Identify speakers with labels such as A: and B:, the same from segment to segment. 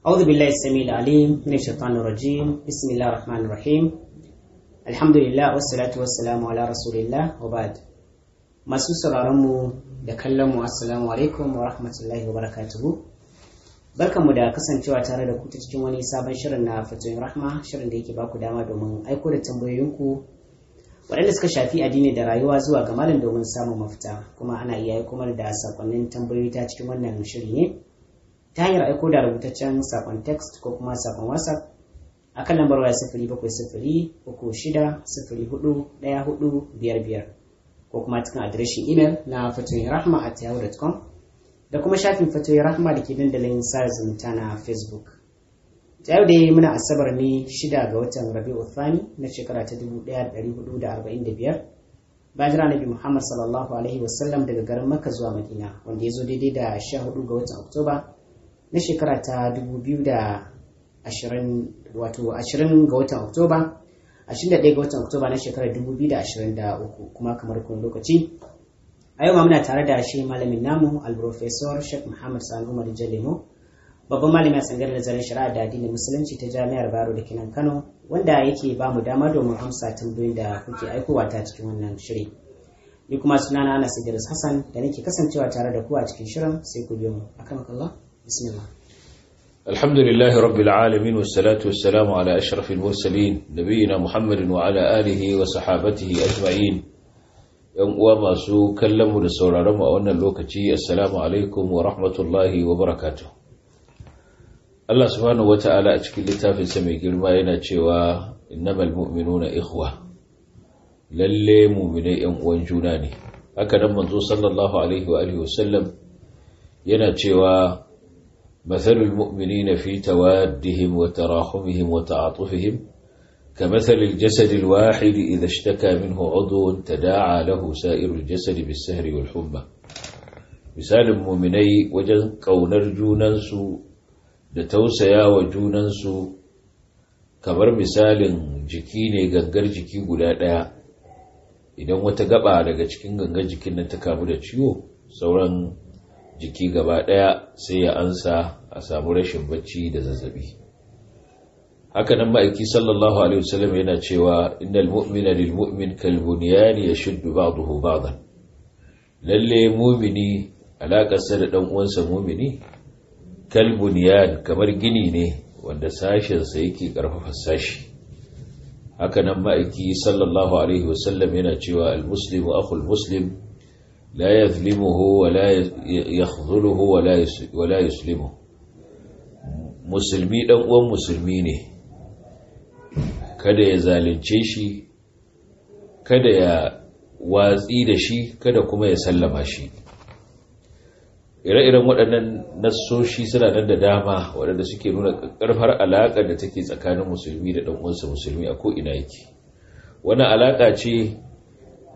A: أعوذ بالله السميع العليم من الشيطان الرجيم بسم الله الرحمن الرحيم الحمد لله والصلاة والسلام على رسول الله وبعد masu sauraronmu da kallonmu assalamu alaikum wa rahmatullahi wa barakatuhu barkanmu da kasancewa tare da ku ta cikin wani sabon shirin na fatoyin rahma shirin da yake baku dama domin aiko da tambayoyinku waɗanda suka shafi addini da rayuwa zuwa ga malam domin samun mafita kuma ana iya aiko mana da sakonnin tambayoyi ta cikin wannan shiri ne ta hanyar aiko da rubutaccen sakon text ko kuma sakon whatsapp a kan lambar waya sifiri bakwai sifiri uku shida sifiri hudu ɗaya hudu biyar biyar ko kuma cikin adireshin imel na fatoyin rahma da kuma shafin fatoyin da ke dandalin sa zumunta na facebook ta yau dai muna asabar ne shida ga watan rabi'u thani na shekara ta dubu ɗaya da da arba'in da biyar bayan jira nabi muhammad sallallahu alaihi wasallam daga garin makka zuwa madina wanda ya zo daidai da sha hudu ga watan oktoba na shekara ta 2020 wato 20 ga watan oktoba 21 ga watan oktoba na shekarar 2023 kuma kamar kun lokaci a yau muna tare da shi malamin namu alprofesor sheikh muhammad sani umar jalemo babban malami a sangar nazarin shari'a da addinin musulunci ta jami'ar baro da kinan kano wanda yake ba mu dama domin amsa tambayoyin da kuke aikowa ta cikin wannan shiri ni kuma sunana ana sigiris hassan da nake kasancewa tare da ku a cikin shirin sai ku biyo mu akan kallon
B: alhamdulillahi rabbil alamin wassalatu wassalamu ala ashrafil mursalin nabiyina muhammadin wa ala alihi wa sahabatihi ajma'in yan uwa masu kallon mu da sauraron mu a wannan lokaci assalamu alaikum wa rahmatullahi wa barakatuh Allah subhanahu wata'ala a cikin littafin sa mai girma yana cewa innamal mu'minuna ikhwa lalle mu'minai yan uwan juna ne haka nan manzo sallallahu alaihi wa alihi wasallam yana cewa مثل المؤمنين في توادهم وتراحمهم وتعاطفهم كمثل الجسد الواحد إذا اشتكى منه عضو تداعى له سائر الجسد بالسهر والحمى مثال المؤمني وجد كون ننسو لتوسيا وجو ننسو كبر مثال جكيني غنقر جكي قلالا إذا ما تقبع لك جكين غنقر جكين تكابل تشيو سوران جكي قبالا سيا أنساه a samu rashin bacci da zazzabi hakanan ma'aiki sallallahu alaihi wasallam yana cewa innal mu'mina lil mu'min kal bunyani yashuddu ba'dahu ba'dan lalle mu'mini alaƙarsa da dan uwansa mu'mini kal bunyan kamar gini ne wanda sashen sa yake karfafa sashi hakanan ma'aiki sallallahu alaihi wasallam yana cewa al muslimu akhul muslim la yadhlimuhu wa la yakhdhuluhu wa la yuslimuhu musulmi dan uwan musulmi ne kada ya zalunce shi kada ya watsi da shi kada kuma ya sallama shi ire-iren waɗannan nassoshi suna nan da dama waɗanda suke nuna ƙarfar alaƙar da take tsakanin musulmi da ɗan'uwansa musulmi a ko'ina yake wani alaƙa ce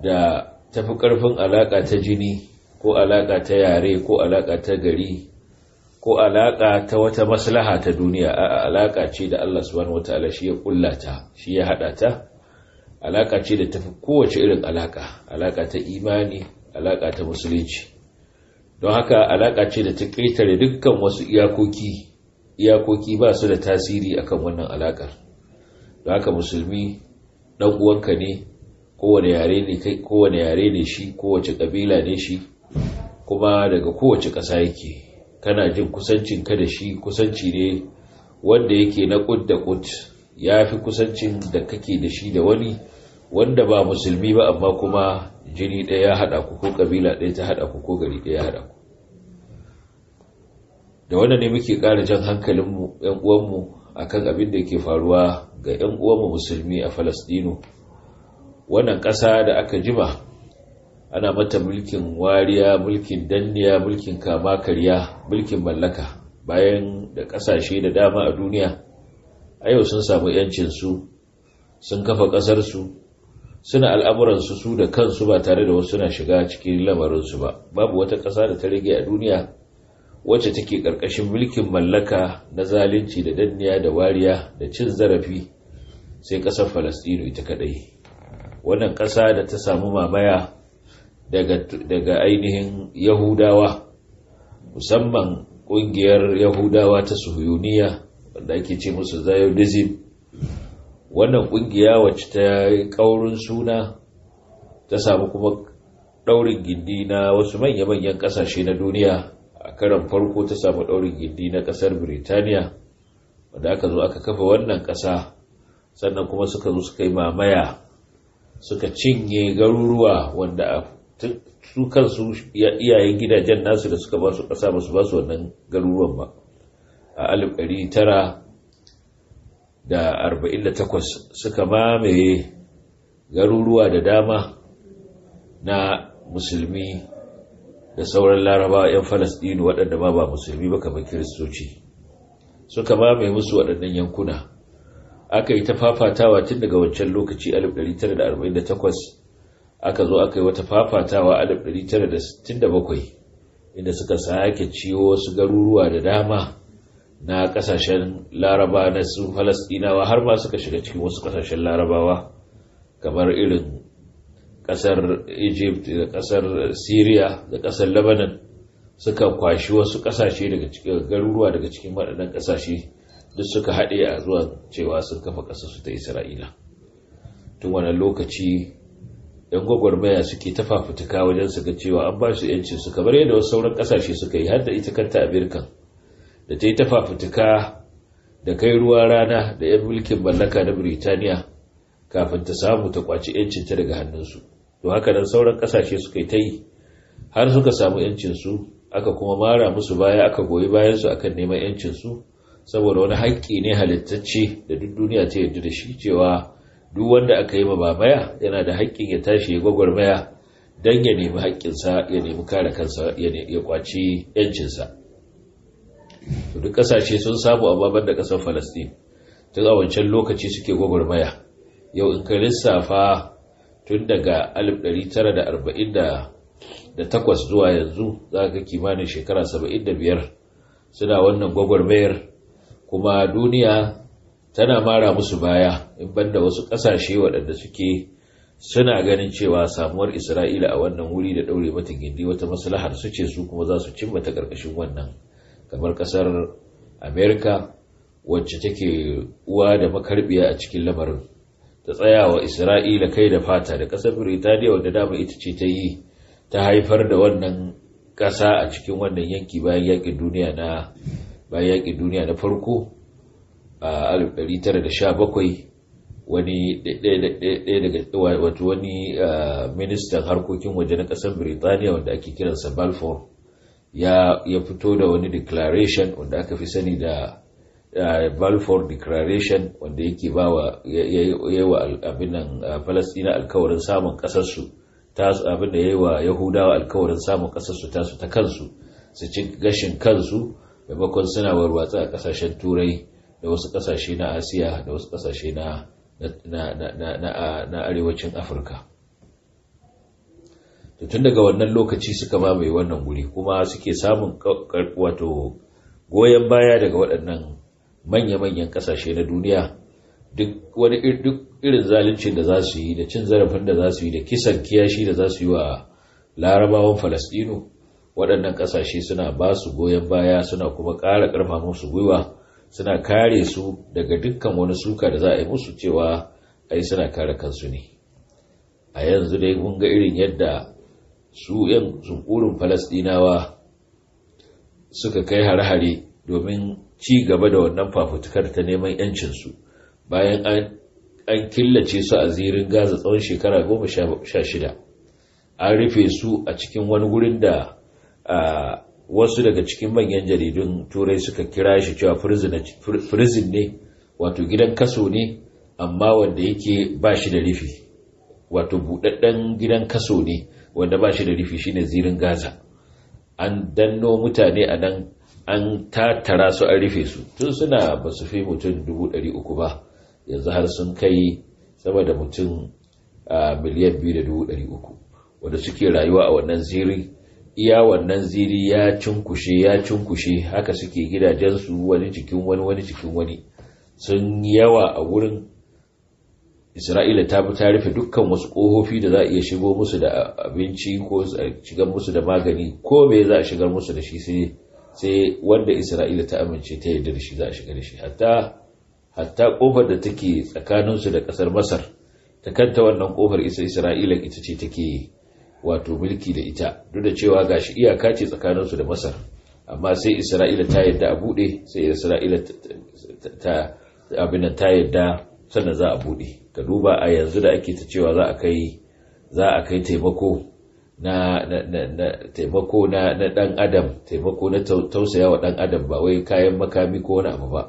B: da tafi ƙarfin alaƙa ta jini ko alaƙa ta yare ko alaƙa ta gari ko alaƙa ta wata maslaha ta duniya a alaƙa ce da Allah subhanahu wataala shi ya kullata shi ya hada ta alaƙa ce da tafi kowace irin alaƙa alaƙa ta imani alaƙa ta musulunci don haka alaƙa ce da ta ƙetare dukkan wasu iyakoki iyakoki ba su da tasiri akan wannan alaƙar don haka musulmi ɗan uwanka ne kowane yare ne kai kowane yare ne shi kowace ƙabila ne shi kuma daga kowace ƙasa yake kana jin kusancin ka da shi kusanci ne wanda yake na kud da kud ya fi kusancin da kake da shi da wani wanda ba musulmi ba amma kuma jini ɗaya ya haɗa ku ko ƙabila ɗaya ta haɗa ku ko gari ɗaya ya haɗa ku da wannan ne muke ƙara jan hankalinmu ‘yan uwanmu a kan abin da ke faruwa ga ‘yan uwanmu musulmi a falastino wannan ƙasa da aka jima ana mata mulkin wariya mulkin danniya mulkin kama karya mulkin mallaka bayan da ƙasashe da dama a duniya a yau sun samu yancinsu sun kafa ƙasarsu suna al'amuransu su da kansu ba tare da wasu suna shiga cikin lamarinsu ba babu wata ƙasa da ta rage a duniya wacce take ƙarƙashin mulkin mallaka na zalunci da danniya da wariya da cin zarafi sai ƙasar falastino ita kaɗai wannan ƙasa da ta samu mamaya daga ainihin yahudawa musamman ƙungiyar yahudawa ta suhuniya wanda ake ce musu zionism wannan ƙungiya wacce ta yi ƙaurin suna ta samu kuma ɗaurin gindi na wasu manya-manyan ƙasashe na duniya a karan farko ta samu ɗaurin gindi na ƙasar birtaniya wanda aka zo aka kafa wannan ƙasa sannan kuma suka zo suka yi mamaya suka cinye garuruwa wanda su kansu iyayen gidajen nasu da suka basu ƙasa ba basu wannan garuruwan ba a 1948 suka mamaye garuruwa da dama na musulmi da sauran larabawa 'yan falasdini waɗanda ma ba musulmi ba kamar kiristoci suka mamaye musu waɗannan yankuna aka yi ta fafatawa tun daga wancan lokaci 1948 aka zo aka yi wata fafatawa a bakwai, inda suka sake ciwo wasu garuruwa da dama na kasashen laraba na su falastinawa har ma suka shiga cikin wasu kasashen larabawa kamar irin kasar egypt da kasar syria da kasar lebanon suka kwashi wasu kasashe daga cikin garuruwa daga cikin waɗannan kasashe duk suka haɗe a zuwa cewa sun kafa ƙasarsu ta isra'ila tun Wani lokaci 'yan gwagwarmaya suke ta fafutuka wajen suka cewa an ba su 'yanci su kamar yadda wasu sauran kasashe suka yi har da ita kanta amerika da ta yi ta fafutuka da kai ruwa rana da 'yan mulkin mallaka na birtaniya kafin ta samu ta kwaci 'yancinta daga hannunsu to haka nan sauran kasashe suka yi ta yi har suka samu 'yancinsu aka kuma mara musu baya aka goyi bayansu akan neman 'yancinsu saboda wani haƙƙi ne halittacce da duk duniya ta yarda da shi cewa duk wanda aka yi ma yana da haƙƙin ya tashi ya gwagwarmaya don ya nemi haƙƙinsa ya nemi kare kansa ya kwaci yancinsa duk ƙasashe sun samu babar da ƙasar falastin tun a wancan lokaci suke gwagwarmaya yau in ka lissafa tun daga 1948 zuwa yanzu za ka kimanin shekara 75 suna wannan gwagwarmayar kuma duniya tana mara musu baya in banda wasu ƙasashe waɗanda suke suna ganin cewa samuwar isra'ila a wannan wuri da ɗaure mata gindi wata maslahar su ce su kuma za su cimma ta ƙarƙashin wannan kamar ƙasar amerika wacce take uwa da makarbiya a cikin lamarin
A: ta tsayawa isra'ila
B: kai da fata da ƙasar biritaniya wadda dama ita ce ta yi ta haifar da wannan ƙasa a cikin wannan yanki bayan yaƙin duniya na bayan yaƙin duniya na farko a 1917 wani ɗaya daga wato wani ministan harkokin waje na ƙasar Birtaniya wanda ake kiransa Balfour ya fito da wani declaration wanda aka fi sani da Balfour declaration wanda yake ba wa yawa abinan Falasɗina alkawarin samun ƙasarsu ta abin da yawa Yahudawa alkawarin samun ƙasarsu tasu ta kansu su ci gashin kansu maimakon suna warwatsa a ƙasashen turai da wasu ƙasashe na asiya da wasu ƙasashe na na arewacin afirka tun daga wannan lokaci suka mamaye wannan guri kuma suke samun wato goyon baya daga waɗannan manya-manyan ƙasashe na duniya duk wani irin zaluncin da za su yi da cin zarafin da za su yi da kisan kiyashi da za su yi wa larabawan Falasɗinu, waɗannan ƙasashe suna ba su goyon baya suna kuma ƙara ƙarfa musu gwiwa suna kare su daga dukkan wani suka da za a yi musu cewa ai suna kare kansu ne a yanzu dai kun ga irin yadda su yan sunkurin falasdinawa suka kai hare-hare domin ci gaba da wannan fafutukar ta neman yancinsu bayan an killace su a zirin gaza tsawon shekara goma sha an rufe su a cikin wani gurin da wasu daga cikin manyan jaridun turai suka kira shi cewa prison ne wato gidan kaso ne amma wanda yake ba shi da rufi wato buɗaɗɗen gidan kaso ne wanda ba shi da rufi shine zirin gaza an danno mutane a nan an tattara su an rufe su tun suna ba su fi mutum uku ba yanzu har sun kai sama da mutum ah, miliyan biyu uku wanda suke rayuwa a wannan zirin. iya wannan ziri ya cinkushe ya cinkushe haka suke gidajensu wani cikin wani wani cikin wani sun yawa a wurin isra'ila ta ta rufe dukkan wasu ƙofofi da za a iya shigo musu da abinci ko a shigar musu da magani ko me za a shigar musu da shi sai wanda isra'ila ta amince ta yarda da shi za a shiga da shi hatta hatta ƙofar da take tsakaninsu da kasar masar ta kanta wannan kofar isa isra'ila ita ce take wato mulki da ita duk da cewa gashi iyaka ce tsakanin su da masar amma sai isra'ila ta yadda a bude sai isra'ila ta abin ta yadda sannan za a bude ka duba a yanzu da ake ta cewa za a kai za a kai taimako na taimako na ɗan adam taimako na tausaya wa dan adam ba wai kayan makami ko wani abu ba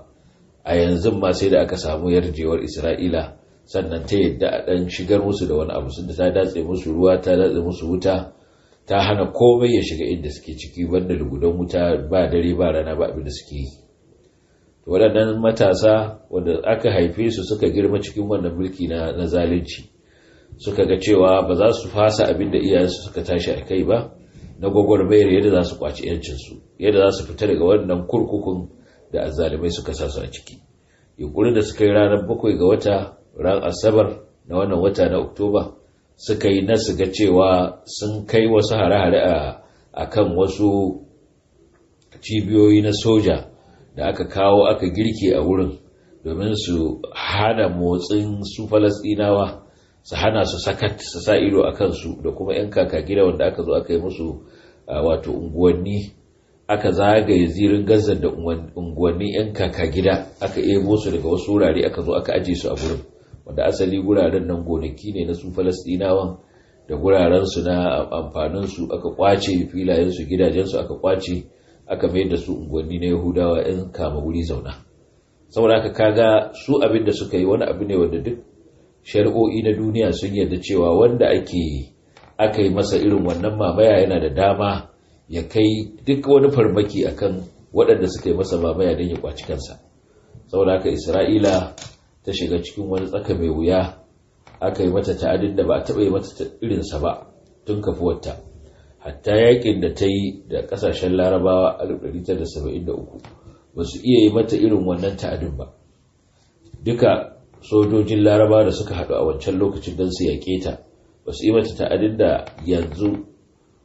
B: a yanzu ma sai da aka samu yarjewar isra'ila sannan ta yadda a ɗan shigar musu da wani abu sun ta datse musu ruwa ta datse musu wuta ta hana komai ya shiga inda suke ciki banda lugudan wuta ba dare ba rana ba abin da suke yi waɗannan matasa wanda aka haife su suka girma cikin wannan mulki na zalunci suka ga cewa ba za su fasa abin da iyayensu suka tashi a kai ba na gwagwarmayar yadda za su kwaci yancinsu yadda za su fita daga wannan kurkukun da azzalumai suka sa su a ciki yunkurin da suka yi ranar bakwai ga wata ran asabar na wannan wata na oktoba suka yi na ga cewa sun kai wasu hare-hare a kan wasu cibiyoyi na soja da aka kawo aka girke a wurin domin su hana motsin su falasdinawa su hana su sakat su sa ido a kansu da kuma 'yan kaka gida wanda aka zo aka yi musu wato unguwanni aka zagaye zirin gazan da unguwanni 'yan kaka gida aka ebo su daga wasu wurare aka zo aka aje su a wurin wanda asali guraren nan gonaki ne na su falastinawan da gurarensu na amfanin su aka kwace filayensu gidajensu aka kwace aka mayar da su unguwanni na yahudawa 'yan kama wuri zauna saboda aka kaga su abin da suka yi wani abu ne wanda duk shari'o'i na duniya sun yarda cewa wanda ake aka yi masa irin wannan mamaya yana da dama ya kai duk wani farmaki akan waɗanda suka yi masa mamaya don ya kwaci kansa saboda aka isra'ila ta shiga cikin wani tsaka mai wuya aka yi mata ta'adin da ba a taɓa yi mata irinsa ba tun kafuwarta hatta yakin da ta yi da ƙasashen larabawa a 1973 ba su iya yi mata irin wannan ta'adin ba duka sojojin larabawa da suka haɗu a wancan lokacin don su yaƙe ta ba su yi mata ta'adin da yanzu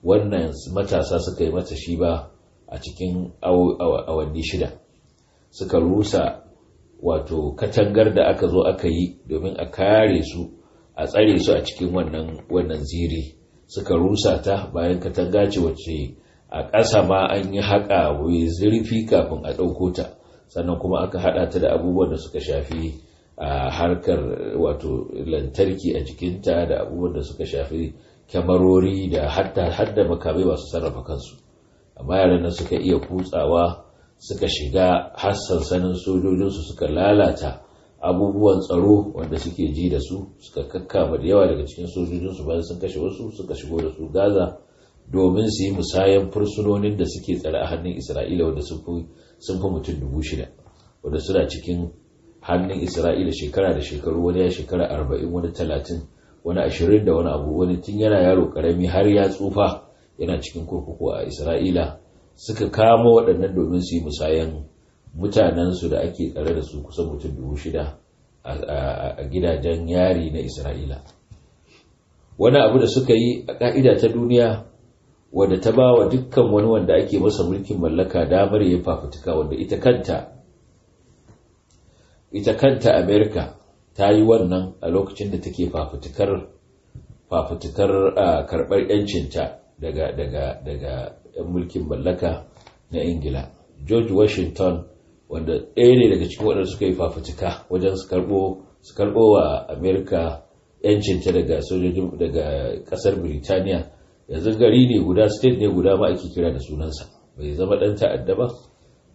B: wannan matasa suka yi mata shi ba a cikin awanni shida suka rusa wato katangar da aka zo aka yi domin a kare su a tsare su a cikin wannan wannan ziri suka rusa ta bayan katanga ce wacce a ƙasa ma an yi haƙa wai zurfi kafin a ɗauko ta sannan kuma aka haɗa ta da abubuwan da suka shafi a harkar wato lantarki a ta da abubuwan da suka shafi kyamarori da hadda makamai masu sarrafa kansu amma yaran nan suka iya kutsawa suka shiga har sansanin sojojinsu suka lalata abubuwan tsaro wanda suke ji da su suka kakkama da yawa daga cikin sojojinsu bayan sun kashe wasu suka shigo da su gaza domin su yi musayan fursunonin da suke tsare a hannun isra'ila wanda sun fi mutum dubu shida wanda suna cikin hannun isra'ila shekara da shekaru wani ya shekara arba'in wani talatin wani ashirin da wani abu wani tun yana yaro karami har ya tsufa yana cikin kurkuku a isra'ila suka kama waɗannan domin su yi musayan mutanensu da ake tsare da su kusan mutum dubu shida a gidajen yari na isra'ila wani abu da suka yi a ƙa'ida ta duniya wadda ta ba wa dukkan wani wanda ake masa mulkin mallaka damar ya fafutuka wanda ita kanta ita kanta ta yi wannan a lokacin da take fafutukar fafutukar karɓar 'yancinta daga daga daga 'yan mulkin mallaka na ingila george washington wanda ɗaya ne daga cikin waɗanda suka yi fafutuka wajen su karɓo wa amerika yancinta daga sojojin daga ƙasar birtaniya yanzu gari ne guda state ne guda ma ake kira da sunansa bai zama ɗan ta'adda ba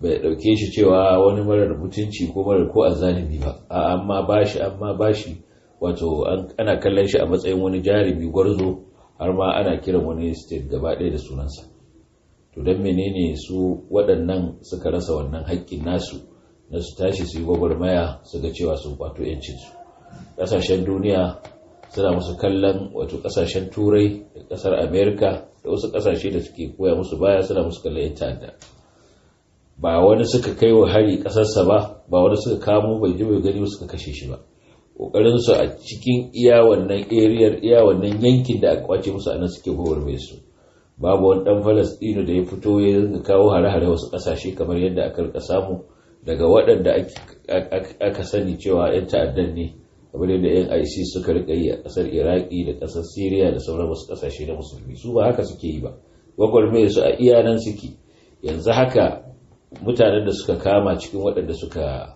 B: bai ɗauke shi cewa wani marar mutunci ko marar ko azalibi ba a amma bashi amma bashi wato ana kallon shi a matsayin wani jarumi gwarzo har ma ana kiran wani state gaba ɗaya da sunansa to don menene su waɗannan suka rasa wannan haƙƙin nasu na su tashi su yi gwagwarmaya su ga cewa sun kwato yancinsu ƙasashen duniya suna musu kallon wato ƙasashen turai da ƙasar amerika da wasu ƙasashe da suke koya musu baya suna musu kallon yan ta'adda ba wani suka kai wa hari ƙasarsa ba ba wani suka kamo bai ji bai gani suka kashe shi ba ƙoƙarinsu a cikin iya wannan eriyar iya yankin da a kwace musu a nan suke gwagwarmaya su babu wani dan falastino da ya fito ya dinga kawo hare-hare wasu kasashe kamar yadda aka rika samu daga waɗanda aka sani cewa 'yan ta'addan ne kamar yadda 'yan isis suka rika yi a kasar iraki da ƙasar syria da sauran wasu kasashe na musulmi su ba haka suke yi ba gwagwarmayar su a iya nan suke yanzu haka mutanen da suka kama cikin waɗanda suka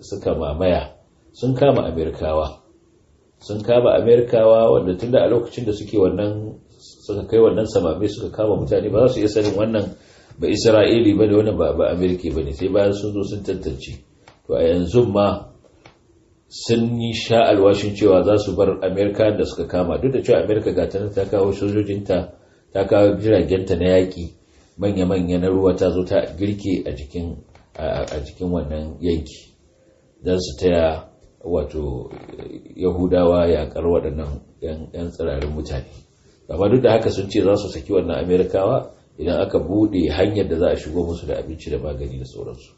B: suka mamaya sun kama amerikawa sun kama amerikawa wanda tun da a lokacin da suke wannan suka kai wannan samame suka kama mutane ba za su iya sanin wannan ba isra'ili ba da wannan ba ba amerika ba ne sai bayan sun zo sun tantance to a yanzu ma sun yi sha alwashin cewa za su bar amerika da suka kama duk da cewa amerika ga ta ta kawo sojojinta ta kawo jiragenta na yaƙi manya-manya na ruwa ta zo ta girke a jikin a wannan yanki don su taya wato yahudawa yaƙar waɗannan 'yan tsirarin mutane amma duk da haka sun ce za su saki wannan amerikawa idan aka bude hanyar da za a shigo musu da abinci da magani da sauransu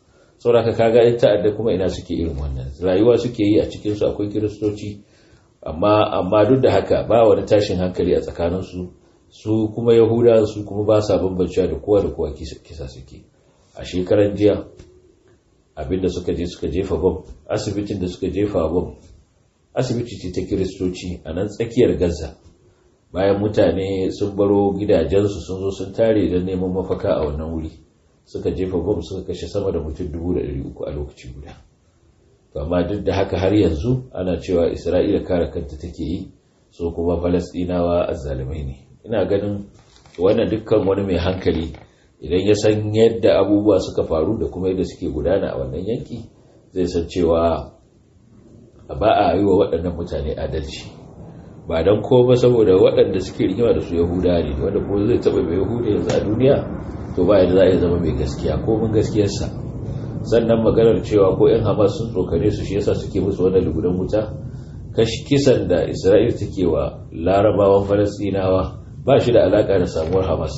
B: ka kaga yan ta'adda kuma ina suke irin wannan rayuwa suke yi a cikin su akwai kiristoci amma amma duk da haka ba wani tashin hankali a tsakaninsu su kuma yahuda su kuma ba sa bambancewa da kowa da kowa kisa suke a shekaran jiya abinda suka je suka jefa bom asibitin da suka jefa bom asibiti ce ta kiristoci a nan tsakiyar gaza bayan mutane sun baro gidajensu sun zo sun tare don neman mafaka a wannan wuri suka jefa bom suka kashe sama da mutum dubu da ɗari uku a lokaci guda amma duk da haka har yanzu ana cewa isra'ila kare kanta take yi so kuma falasɗinawa azzalumai ne ina ganin wannan dukkan wani mai hankali idan ya san yadda abubuwa suka faru da kuma yadda suke gudana a wannan yanki zai san cewa ba a yi wa waɗannan mutane adalci ba don ko ba saboda waɗanda suke rigima da su yahuda ne wanda ko zai taɓa mai yahuda yanzu a duniya to ba yadda za a yi zama mai gaskiya ko mun gaskiyarsa sannan maganar cewa ko yan hamas sun tsokane su shi yasa suke musu wannan lugudan wuta kashi kisan da isra'il take wa larabawan falastinawa ba shi da alaka da samuwar hamas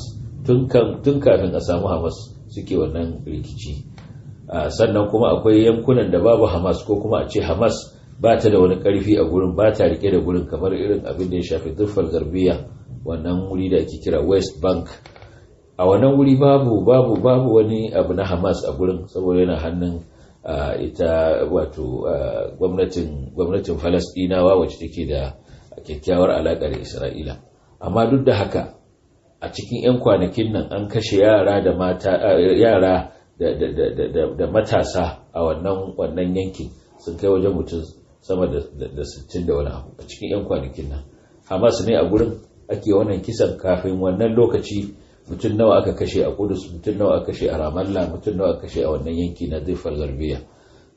B: tun kafin a samu hamas suke wannan rikici ah, sannan kuma akwai yankunan da babu hamas ko kuma a ce hamas ba ta da wani karfi a gurin ba ta rike da gurin kamar irin abin da ya shafi duffar garbiya wannan wuri da ake kira west bank a wannan wuri babu babu babu wani abu na hamas a gurin saboda yana hannun ita wato gwamnatin gwamnatin wacce take da kyakkyawar alaƙa da isra'ila amma duk da haka a cikin 'yan kwanakin nan an kashe yara da mata yara da matasa a wannan wannan yankin sun kai wajen mutum sama da sittin da wani abu a cikin 'yan kwanakin nan hamas ne a gurin ake wannan kisan kafin wannan lokaci mutum nawa aka kashe a kudus mutum nawa aka kashe a ramallah mutum nawa aka kashe a wannan yanki na zirfar zarbiya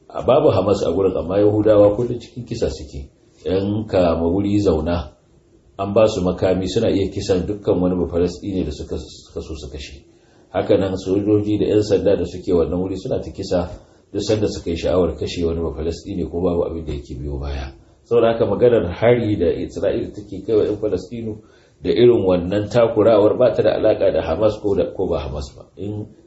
B: a babu hamas a gurin amma yahudawa da cikin kisa suke yan kama wuri zauna an ba su makami suna iya kisan dukkan wani ne da suka so su kashe hakanan sojoji da 'yan sanda da suke wannan wuri suna ta kisa duk sanda suka yi sha'awar kashe wani bafalastini ko babu abin da yake biyo baya saboda haka maganar hari da isra'ila take kai wa 'yan falastinu da irin wannan takurawar ba ta da alaka da hamas ko da ko ba hamas ba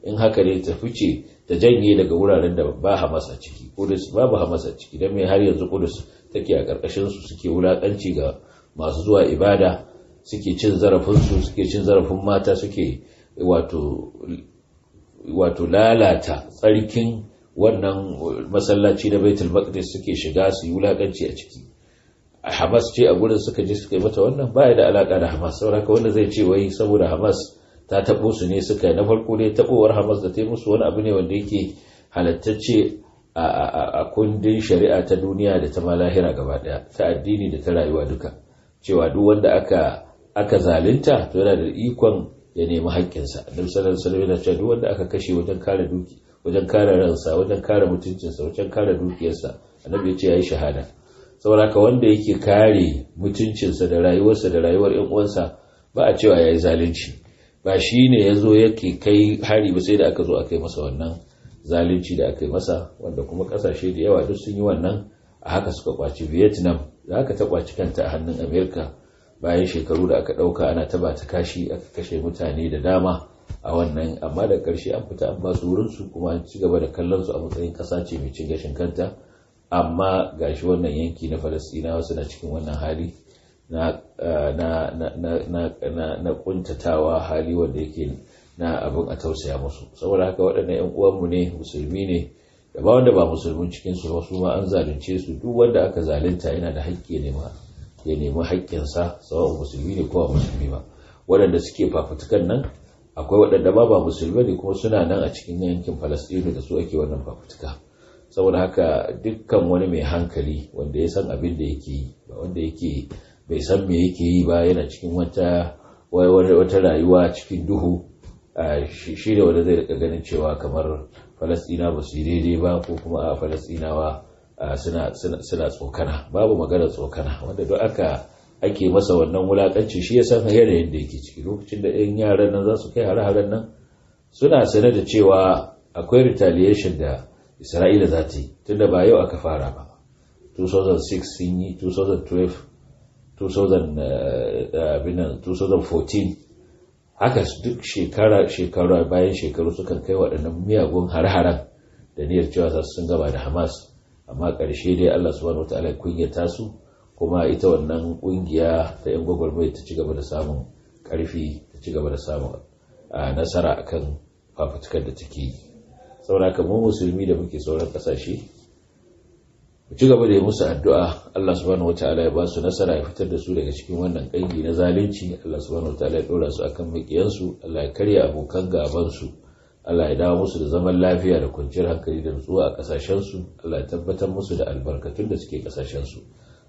B: in haka ne ta fice ta janye daga wuraren da ba hamas a ciki kudus babu hamas a ciki don mai har yanzu kudus take a ƙarƙashin su suke wulaƙanci ga masu zuwa ibada suke cin zarafin su suke cin zarafin mata suke wato wato lalata tsarkin wannan masallaci da baitul maqdis suke shiga su yi wulakanci a ciki a hamas ce a gurin suka je suka yi mata wannan baya da alaka da hamas sauraka wanda zai ce wai saboda hamas ta tabo su ne suka na farko dai tabowar hamas da ta yi musu wani abu ne wanda yake halattacce a kundin shari'a ta duniya da ta malahira gaba daya ta addini da ta rayuwa duka cewa duk wanda aka aka zalunta to yana da ikon ya nemi haƙƙinsa don sallallahu alaihi yana cewa duk wanda aka kashe wajen kare duki wajen kare ransa wajen kare mutuncinsa wajen kare dukiyarsa annabi ya ce yayi shahada saboda haka wanda yake kare mutuncinsa da rayuwarsa da rayuwar yan uwansa ba a cewa yayi zalunci ba shi ne shine yazo yake kai hari ba sai da aka zo a kai masa wannan zalunci da aka yi masa wanda kuma kasashe da yawa duk sun yi wannan a haka suka kwaci Vietnam da haka ta kwaci kanta a hannun Amerika bayan shekaru da aka dauka ana ba ta kashi aka kashe mutane da dama a wannan amma da karshe an fita an basu wurin su kuma an ci gaba da kallon su a matsayin kasa ce mai cin gashin kanta amma gashi wannan yanki na falastinawa suna cikin wannan hali na na kuntatawa hali wanda yake na abin a tausaya musu saboda haka waɗannan yan uwanmu ne musulmi ne da ba wanda ba musulmin cikin su ba su ma an zalunce su duk wanda aka zalunta yana da haƙƙi ne ma ya nemi haƙƙinsa sawa musulmi ne ko musulmi ba waɗanda suke fafutukan nan akwai waɗanda ba ba musulmi ne kuma suna nan a cikin yankin falasɗinu da su ake wannan fafutuka saboda haka dukkan wani mai hankali wanda ya san abin da yake yi ba wanda yake bai san me yake yi ba yana cikin wata wata rayuwa cikin duhu shi da wanda zai rika ganin cewa kamar falastina ba su yi daidai ba ko kuma a falastinawa suna tsokana babu maganar tsokana wanda duk aka ake masa wannan wulakanci shi ya san yanayin da yake ciki lokacin da yan yaran nan za su kai hare-haren nan suna sanar da cewa akwai retaliation da isra'ila za ta yi tunda ba yau aka fara ba 2006 sun yi 2012 2014 eh, haka duk shekara shekara bayan shekaru suka kai waɗannan miyagun har-haren da niyyar cewa za su sun gaba da hamas amma ƙarshe dai allah subhanahu wa ta'ala kunyata su kuma ita wannan kungiya ta yan gwagwarmai ta ci gaba da samun karfi ta ci da samun nasara kan fafutukar da take yi saboda haka musulmi da muke sauran kasashe mu ci gaba da yi musu addu'a Allah subhanahu wataala ya ba su nasara ya fitar da su daga cikin wannan kangi na zalunci Allah subhanahu wataala ya dora su akan su Allah ya karya abokan gaban su Allah ya dawo musu da zaman lafiya da kwanciyar hankali da nutsuwa a kasashen su Allah ya tabbatar musu da albarkatun da suke kasashen su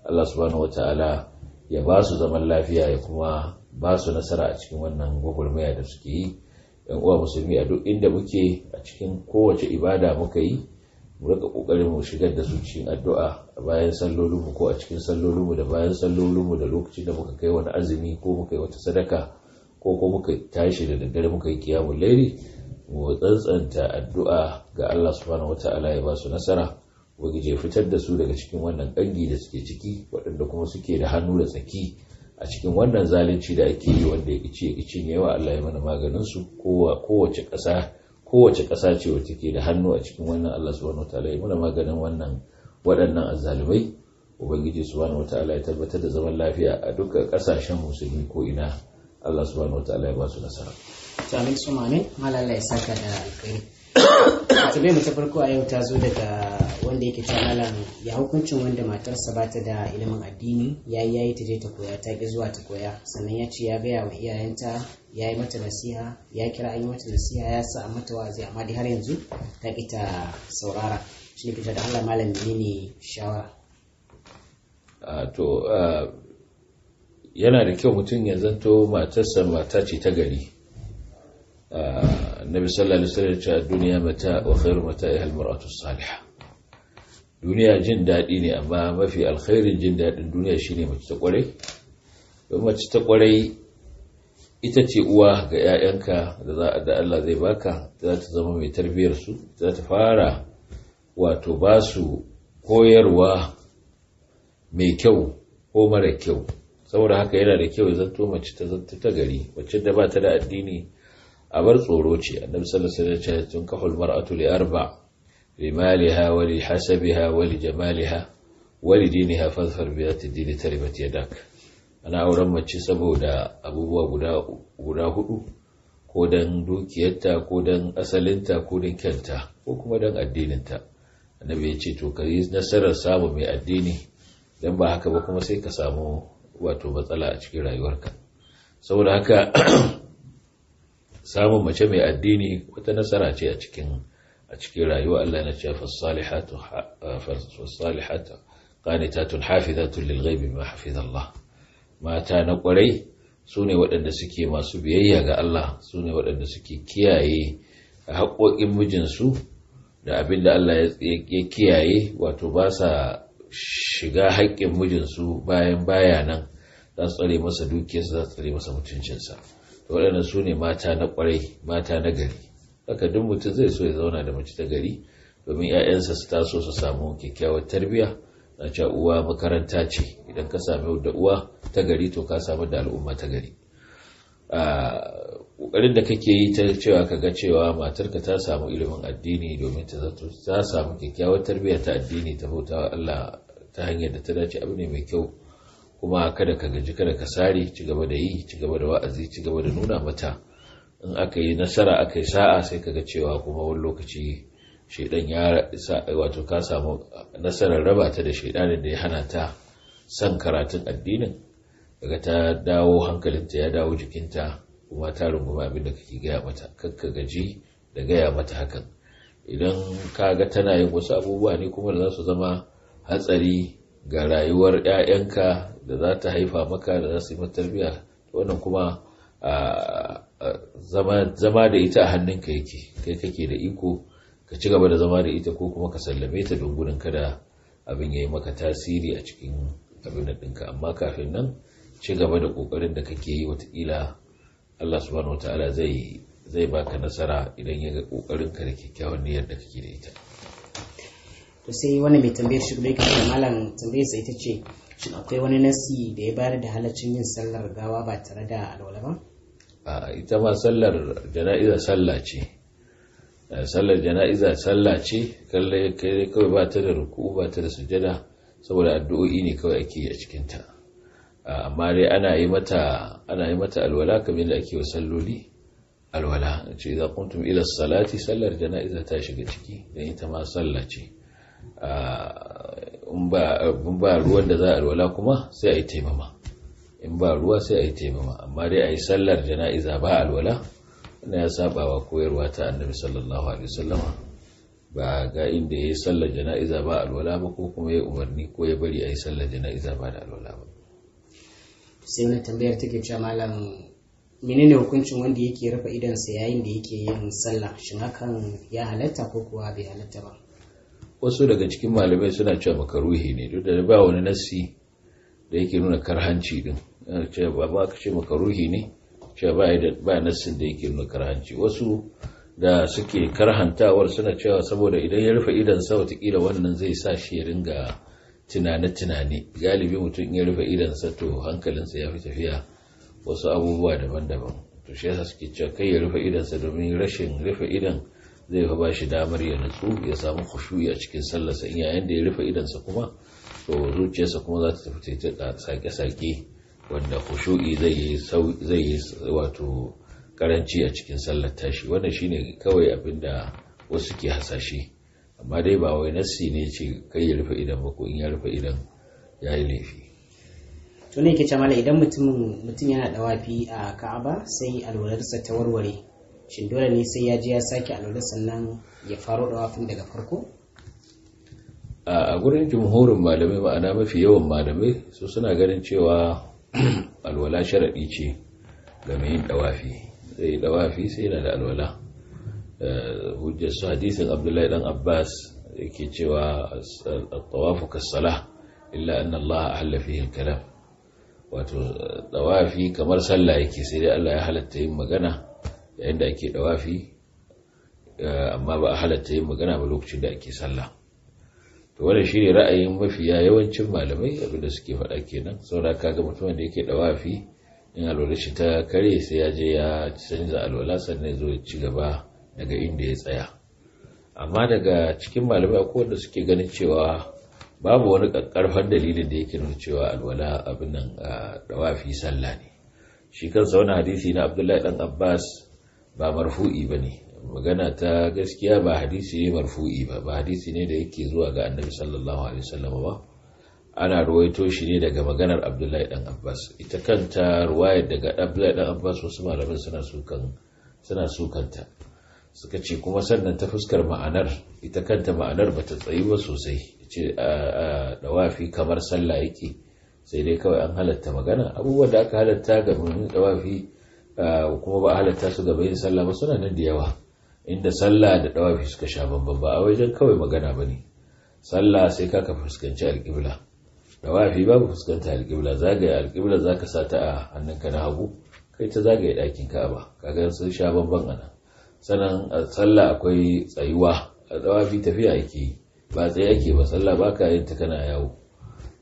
B: Allah subhanahu wataala ya ba su zaman lafiya ya kuma ba su nasara a cikin wannan gwagwarmaya da suke yi yan uwa musulmi a duk inda muke a cikin kowace ibada muka yi mu rika kokarin mu shigar da su cikin addu'a a bayan sallolinmu ko a cikin sallolinmu da bayan sallolinmu da lokacin da muka kai wani azumi ko muka yi wata sadaka ko ko muka tashi da daddare muka yi kiyamul laili mu tsantsanta addu'a ga Allah subhanahu wata'ala ya ba su nasara wajen fitar da su daga cikin wannan ƙangi da suke ciki waɗanda kuma suke da hannu da tsaki a cikin wannan zalunci da ake yi wanda ya kici ya kici ne yawa Allah ya mana maganin su kowace ƙasa kowace ƙasa ce wacce ke da hannu a cikin wannan Allah subhanahu wataala ya mana maganin wannan waɗannan azzalumai ubangiji subhanahu wataala ya tabbatar da zaman lafiya a dukkan ƙasashen musulmi ko ina Allah subhanahu wataala ya ba su nasara. Amin su
A: mamin malalla ya saka da alkhairi. tambayar mu ta farko a yau ta zo daga wanda yake ta malam ya hukuncin wanda matarsa ba ta da ilimin addini ya yi yayi ta je ta koya ta ki zuwa ta koya sannan ya ce ya gaya wa iyayenta ya yi mata nasiha ya kira an yi mata nasiha ya sa a mata wazi amma dai har yanzu ta ki ta saurara shi ne da Allah malam ne shawara
B: yana da kyau mutum ya zanto matarsa mata ce ta gari annabi sallallahu alaihi wasallam duniya mata wa khairu mata'iha almar'atu salihah duniya jin daɗi ne amma mafi alkhairin jin daɗin duniya shine mace ta kwarai don mace ta kwarai ita ce uwa ga 'ya'yanka da za da Allah zai baka za ta zama mai tarbiyar su za ta fara wato ba su koyarwa mai kyau ko mara kyau saboda haka yana da kyau zanto mace ta zanta ta gari mace da ba ta da addini abar tsoro ce annabi sallallahu alaihi wasallam ya ce tun kahul mar'atu li arba li maliha wa li hasabiha wa li jamaliha wa li diniha fadhfar bi dhati dini taribat yadak ana auren mace saboda abubuwa guda guda hudu ko dan dukiyarta ko dan asalinta ko dan kyanta ko kuma dan addininta annabi ya ce to kai nasarar samu mai addini dan ba haka ba kuma sai ka samu wato matsala a cikin rayuwarka saboda haka samun mace mai addini wata nasara ce a cikin a cikin rayuwa Allah na ce fasalihatu fasalihatu qanitatun hafizatun lil ghaibi ma hafiza Allah mata na kwarai sune waɗanda suke masu biyayya ga Allah sune waɗanda suke kiyaye haƙoƙin mijinsu da abin da Allah ya kiyaye wato ba sa shiga haƙƙin mijinsu bayan bayanan nan za su tsare masa dukiyarsa za su tsare masa mutuncinsa waɗannan su ne mata na ƙwarai mata na gari haka duk mutum zai so ya zauna da mace ta gari domin 'ya'yansa su taso su samu kyakkyawar tarbiyya na cewa uwa makaranta ce idan ka sami da uwa ta gari to ka samu da al'umma ta gari ƙoƙarin da kake yi ta cewa ka ga cewa matarka ta samu ilimin addini domin ta zato ta samu kyakkyawar tarbiyya ta addini ta hutawa Allah ta hanyar da ta dace abu ne mai kyau kuma kada ka gaji kada ka sare ci gaba da yi ci gaba da wa'azi ci gaba da nuna mata in aka yi nasara aka yi sa'a sai ka ga cewa kuma wani lokaci shaidan ya wato ka samu nasarar raba ta da shaidanin da ya hana ta son karatun addinin daga ta dawo hankalinta ya dawo jikinta kuma ta rungumi abin da kake gaya mata ka gaji da gaya mata hakan idan ka ga tana yin wasu abubuwa ne kuma da za su zama hatsari ga rayuwar 'ya'yanka da za ta haifa maka da za su yi matarbiya wannan kuma zama da ita a hannunka yake kai kake da iko ka ci gaba da zama da ita ko kuma ka sallame ta don gudun kada abin ya yi maka tasiri a cikin abin da ɗinka amma kafin nan ci gaba da ƙoƙarin da kake yi watakila Allah subhanahu wa ta'ala zai baka nasara idan ya ga ƙoƙarin ka da kyakkyawan niyyar da kake da ita to
A: sai wani mai tambayar shi da malam tambayar sai ita ce shin akwai wani nasi da ya bayar da halaccin yin sallar gawa ba tare da alwala
B: ba ita ma sallar jana'iza salla ce sallar jana'iza salla ce kallai kai kawai ba ta da ruku ba ta da sujada saboda addu'o'i ne kawai ake yi a cikin amma dai ana yi mata alwala kamar yadda ake wa salloli alwala ce idan kuntum ila salati sallar jana'iza ta shiga ciki dan ita ma sallah ce Ah, in ba ruwan da za a alwala kuma sai a yi taimama in ba ruwa sai a yi taimama amma dai a yi sallar jana'iza ba a alwala na ya saba wa koyarwa ta annabi sallallahu alaihi wasallama ba ga inda ya yi sallar jana'iza ba a alwala ba ko kuma ya umarni ko ya bari a yi sallar jana'iza ba da alwala ba
A: sai wani tambayar take cewa malam menene hukuncin wanda yake rufe idansa yayin da yake yin sallah shin hakan ya halatta ko kuwa bai halatta ba
B: wasu daga cikin malamai suna cewa makaruhi ne duk da ba wani nassi da yake nuna karhanci din cewa ba ba ka ce makaruhi ne cewa ba da ba nassin da yake nuna karhanci wasu da suke karhantawar suna cewa saboda idan ya rufe idan sa watakila wannan zai sa shi ya ringa tunane-tunane galibi mutum ya rufe idan sa to hankalinsa ya fi tafiya wasu abubuwa daban-daban to shi yasa suke cewa kai ya rufe idan sa domin rashin rufe idan zai fa bashi damar ya nutsu ya samu khushu'i a cikin sallarsa in yayin da ya rufe idansa kuma to zuciyarsa kuma za ta tafi ta sake-sake wanda khushu'i zai yi wato karanci a cikin sallar tashi wannan shine kawai abin da wasu ke hasashe amma dai ba wai nassi ne ce kai ya rufe idan ba ko in ya rufe idan ya yi laifi to ne ke idan
A: mutum yana dawafi a ka'aba sai alwalarsa ta warware shin dole ne sai ya je ya sake alwala sannan ya faro wafin daga farko
B: a gurin jumhurin malamai ma'ana mafi yawan malamai su suna ganin cewa alwala sharaɗi ce ga mai yin dawafi sai dawafi sai yana da alwala eh, hujjar su hadisin abdullahi dan abbas yake cewa tawafu kassala illa anna allah ahalla fihi kalam wato dawafi eh, kamar sallah yake sai dai allah ya halatta yin magana yayin da ake dawafi eh, amma ba a halatta yin magana ba lokacin da ake sallah to wannan shine ra'ayin mafiya yawancin malamai abinda suke faɗa kenan saboda kaga mutumin da yake dawafi in alwala shi ta kare sai ya je ya canza alwala sannan zo ya ci gaba daga inda ya tsaya amma daga cikin malamai akwai wanda suke ganin cewa babu wani karfan dalilin da yake nuna cewa alwala abin nan ah, dawafi sallah ne shi kansa wani hadisi na abdullahi dan abbas ba marfu'i ba ne magana ta gaskiya ba hadisi ne marfu'i ba ba hadisi ne da yake zuwa ga annabi sallallahu alaihi wasallam ba ana ruwaito shi ne daga maganar abdullahi dan abbas ita kanta ruwayar daga abdullahi dan abbas wasu malaman suna sukan suna sukanta suka ce kuma sannan ta fuskar ma'anar ita kanta ma'anar bata tsayi ba sosai ce a dawafi kamar sallah yake sai dai kawai an halatta magana abubuwan da aka halatta ga mun dawafi Eh, kuma ba halatta su gaba yin sallah ba suna nan da yawa inda sallah da dawafi suka sha babban ba a wajen kawai magana ba ne sallah sai ka ka fuskanci alƙibla dawafi babu fuskanta alƙibla zagaye alƙibla za ka sa ta a hannunka na hagu kai ta zagaye ɗakin ka'aba ga sun sha babban ana sannan a eh, sallah akwai tsayuwa a dawafi tafiya ake yi ba tsaye ake ba sallah ba ka yin ta kana yawo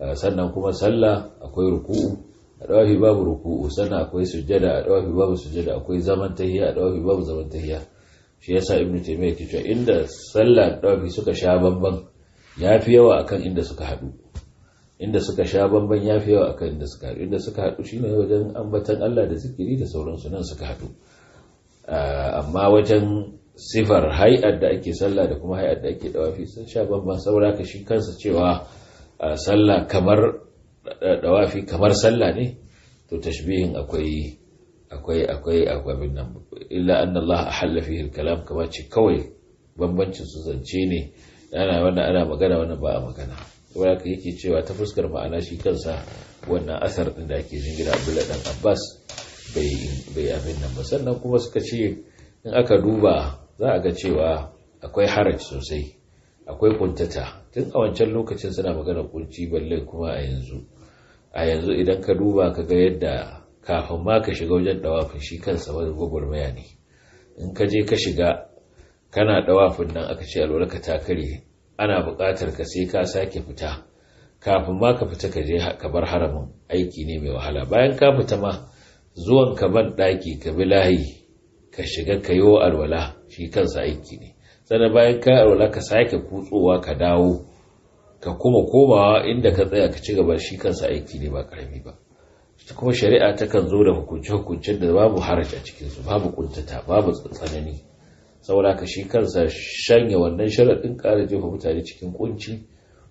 B: eh, sannan kuma sallah akwai ruku'u a dawafi babu ruku'u sannan akwai sujjada a dawafi babu sujjada akwai zaman tahiya a dawafi babu zaman tahiya shi yasa ibnu taymiya ke cewa inda sallah dawafi suka sha bamban yafi yawa akan inda suka hadu inda suka sha bamban yafi yawa akan inda suka hadu inda suka hadu shine wajen ambatan Allah da zikiri da sauransu nan suka hadu ah, amma wajen sifar hai'ar da ake sallah da kuma hai'ar da ake dawafi sun sha bamban saboda ka shi kansa cewa ah, sallah kamar dawafi kamar sallah ne to tashbihin akwai akwai akwai akwai nan illa anna Allah ahalla fihi al-kalam kama ce kawai bambancin su zance ne ana wannan ana magana wannan ba a magana wanda haka yake cewa ta fuskar ma'ana shi kansa wannan asar din da ake jingira Abdullah dan Abbas bai bai abin nan ba sannan kuma suka ce in aka duba za a ga cewa akwai haraj sosai akwai kuntata tun a wancan lokacin suna magana kunci balle kuma a yanzu a yanzu idan ka duba ka ga yadda kafin ma ka shiga wajen dawafin shi kansa wani gwagwarmaya ne in ka je ka shiga kana dawafin nan aka ce alwala ka takare ana buƙatar ka sai ka sake fita kafin ma ka fita ka je ka bar haramin aiki ne mai wahala bayan ka fita ma zuwan ka ban ɗaki ka bi layi ka shiga ka yi wa alwala shi kansa aiki ne sannan bayan ka alwala ka sake kutsowa ka dawo ka koma komawa inda ka tsaya ka ci gaba shi kansa aiki ne ba karami ba kuma shari'a takan zo da hukunce-hukuncen da babu haraj a cikinsu babu kuntata babu tsanani saboda ka shi kansa shanya wannan sharaɗin ƙara jefa mutane cikin kunci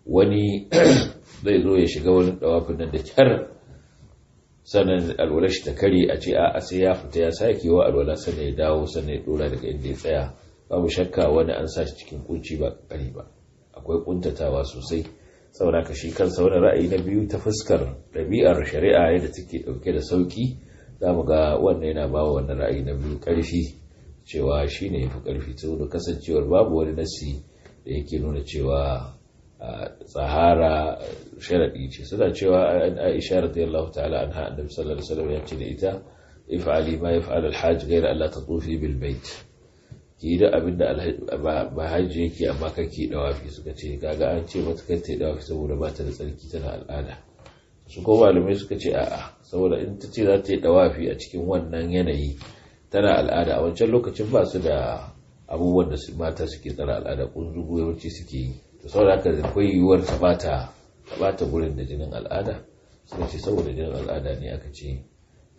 B: wani zai zo ya shiga wani ɗawafin nan da kyar sannan alwala shi ta kare a ce a sai ya fita ya sake wa alwala sannan ya dawo sannan ya ɗora daga inda ya tsaya babu shakka wani an sa shi cikin kunci ba ƙari ba akwai kuntatawa sosai saboda ka shi kansa wani ra'ayi na biyu ta fuskar ɗabi'ar shari'a yadda take ɗauke da sauƙi za mu ga wannan yana ba wa ra'ayi na biyu ƙarfi cewa shi ne ya fi ƙarfi saboda kasancewar babu wani nasi da yake nuna cewa tsahara sharaɗi ce suna cewa an aisha radiyallahu ta'ala anha annabi sallallahu alaihi ya ce da ita if'ali ma yaf'al al-hajj allah ta tatufi bilbait ki da abin da ba yake amma kake dawafi suka ce kaga an ce mata kan ta dawafi saboda ba ta da tsarki tana al'ada su ko malamai suka ce a'a saboda in ta ce za ta yi dawafi a cikin wannan yanayi tana al'ada a wancan lokacin ba su da abubuwan da mata suke tsara al'ada kunzugu yawanci suke yi to saboda haka akwai yiwuwar ta bata ta bata gurin da jinin al'ada suka ce saboda jinin al'ada ne aka ce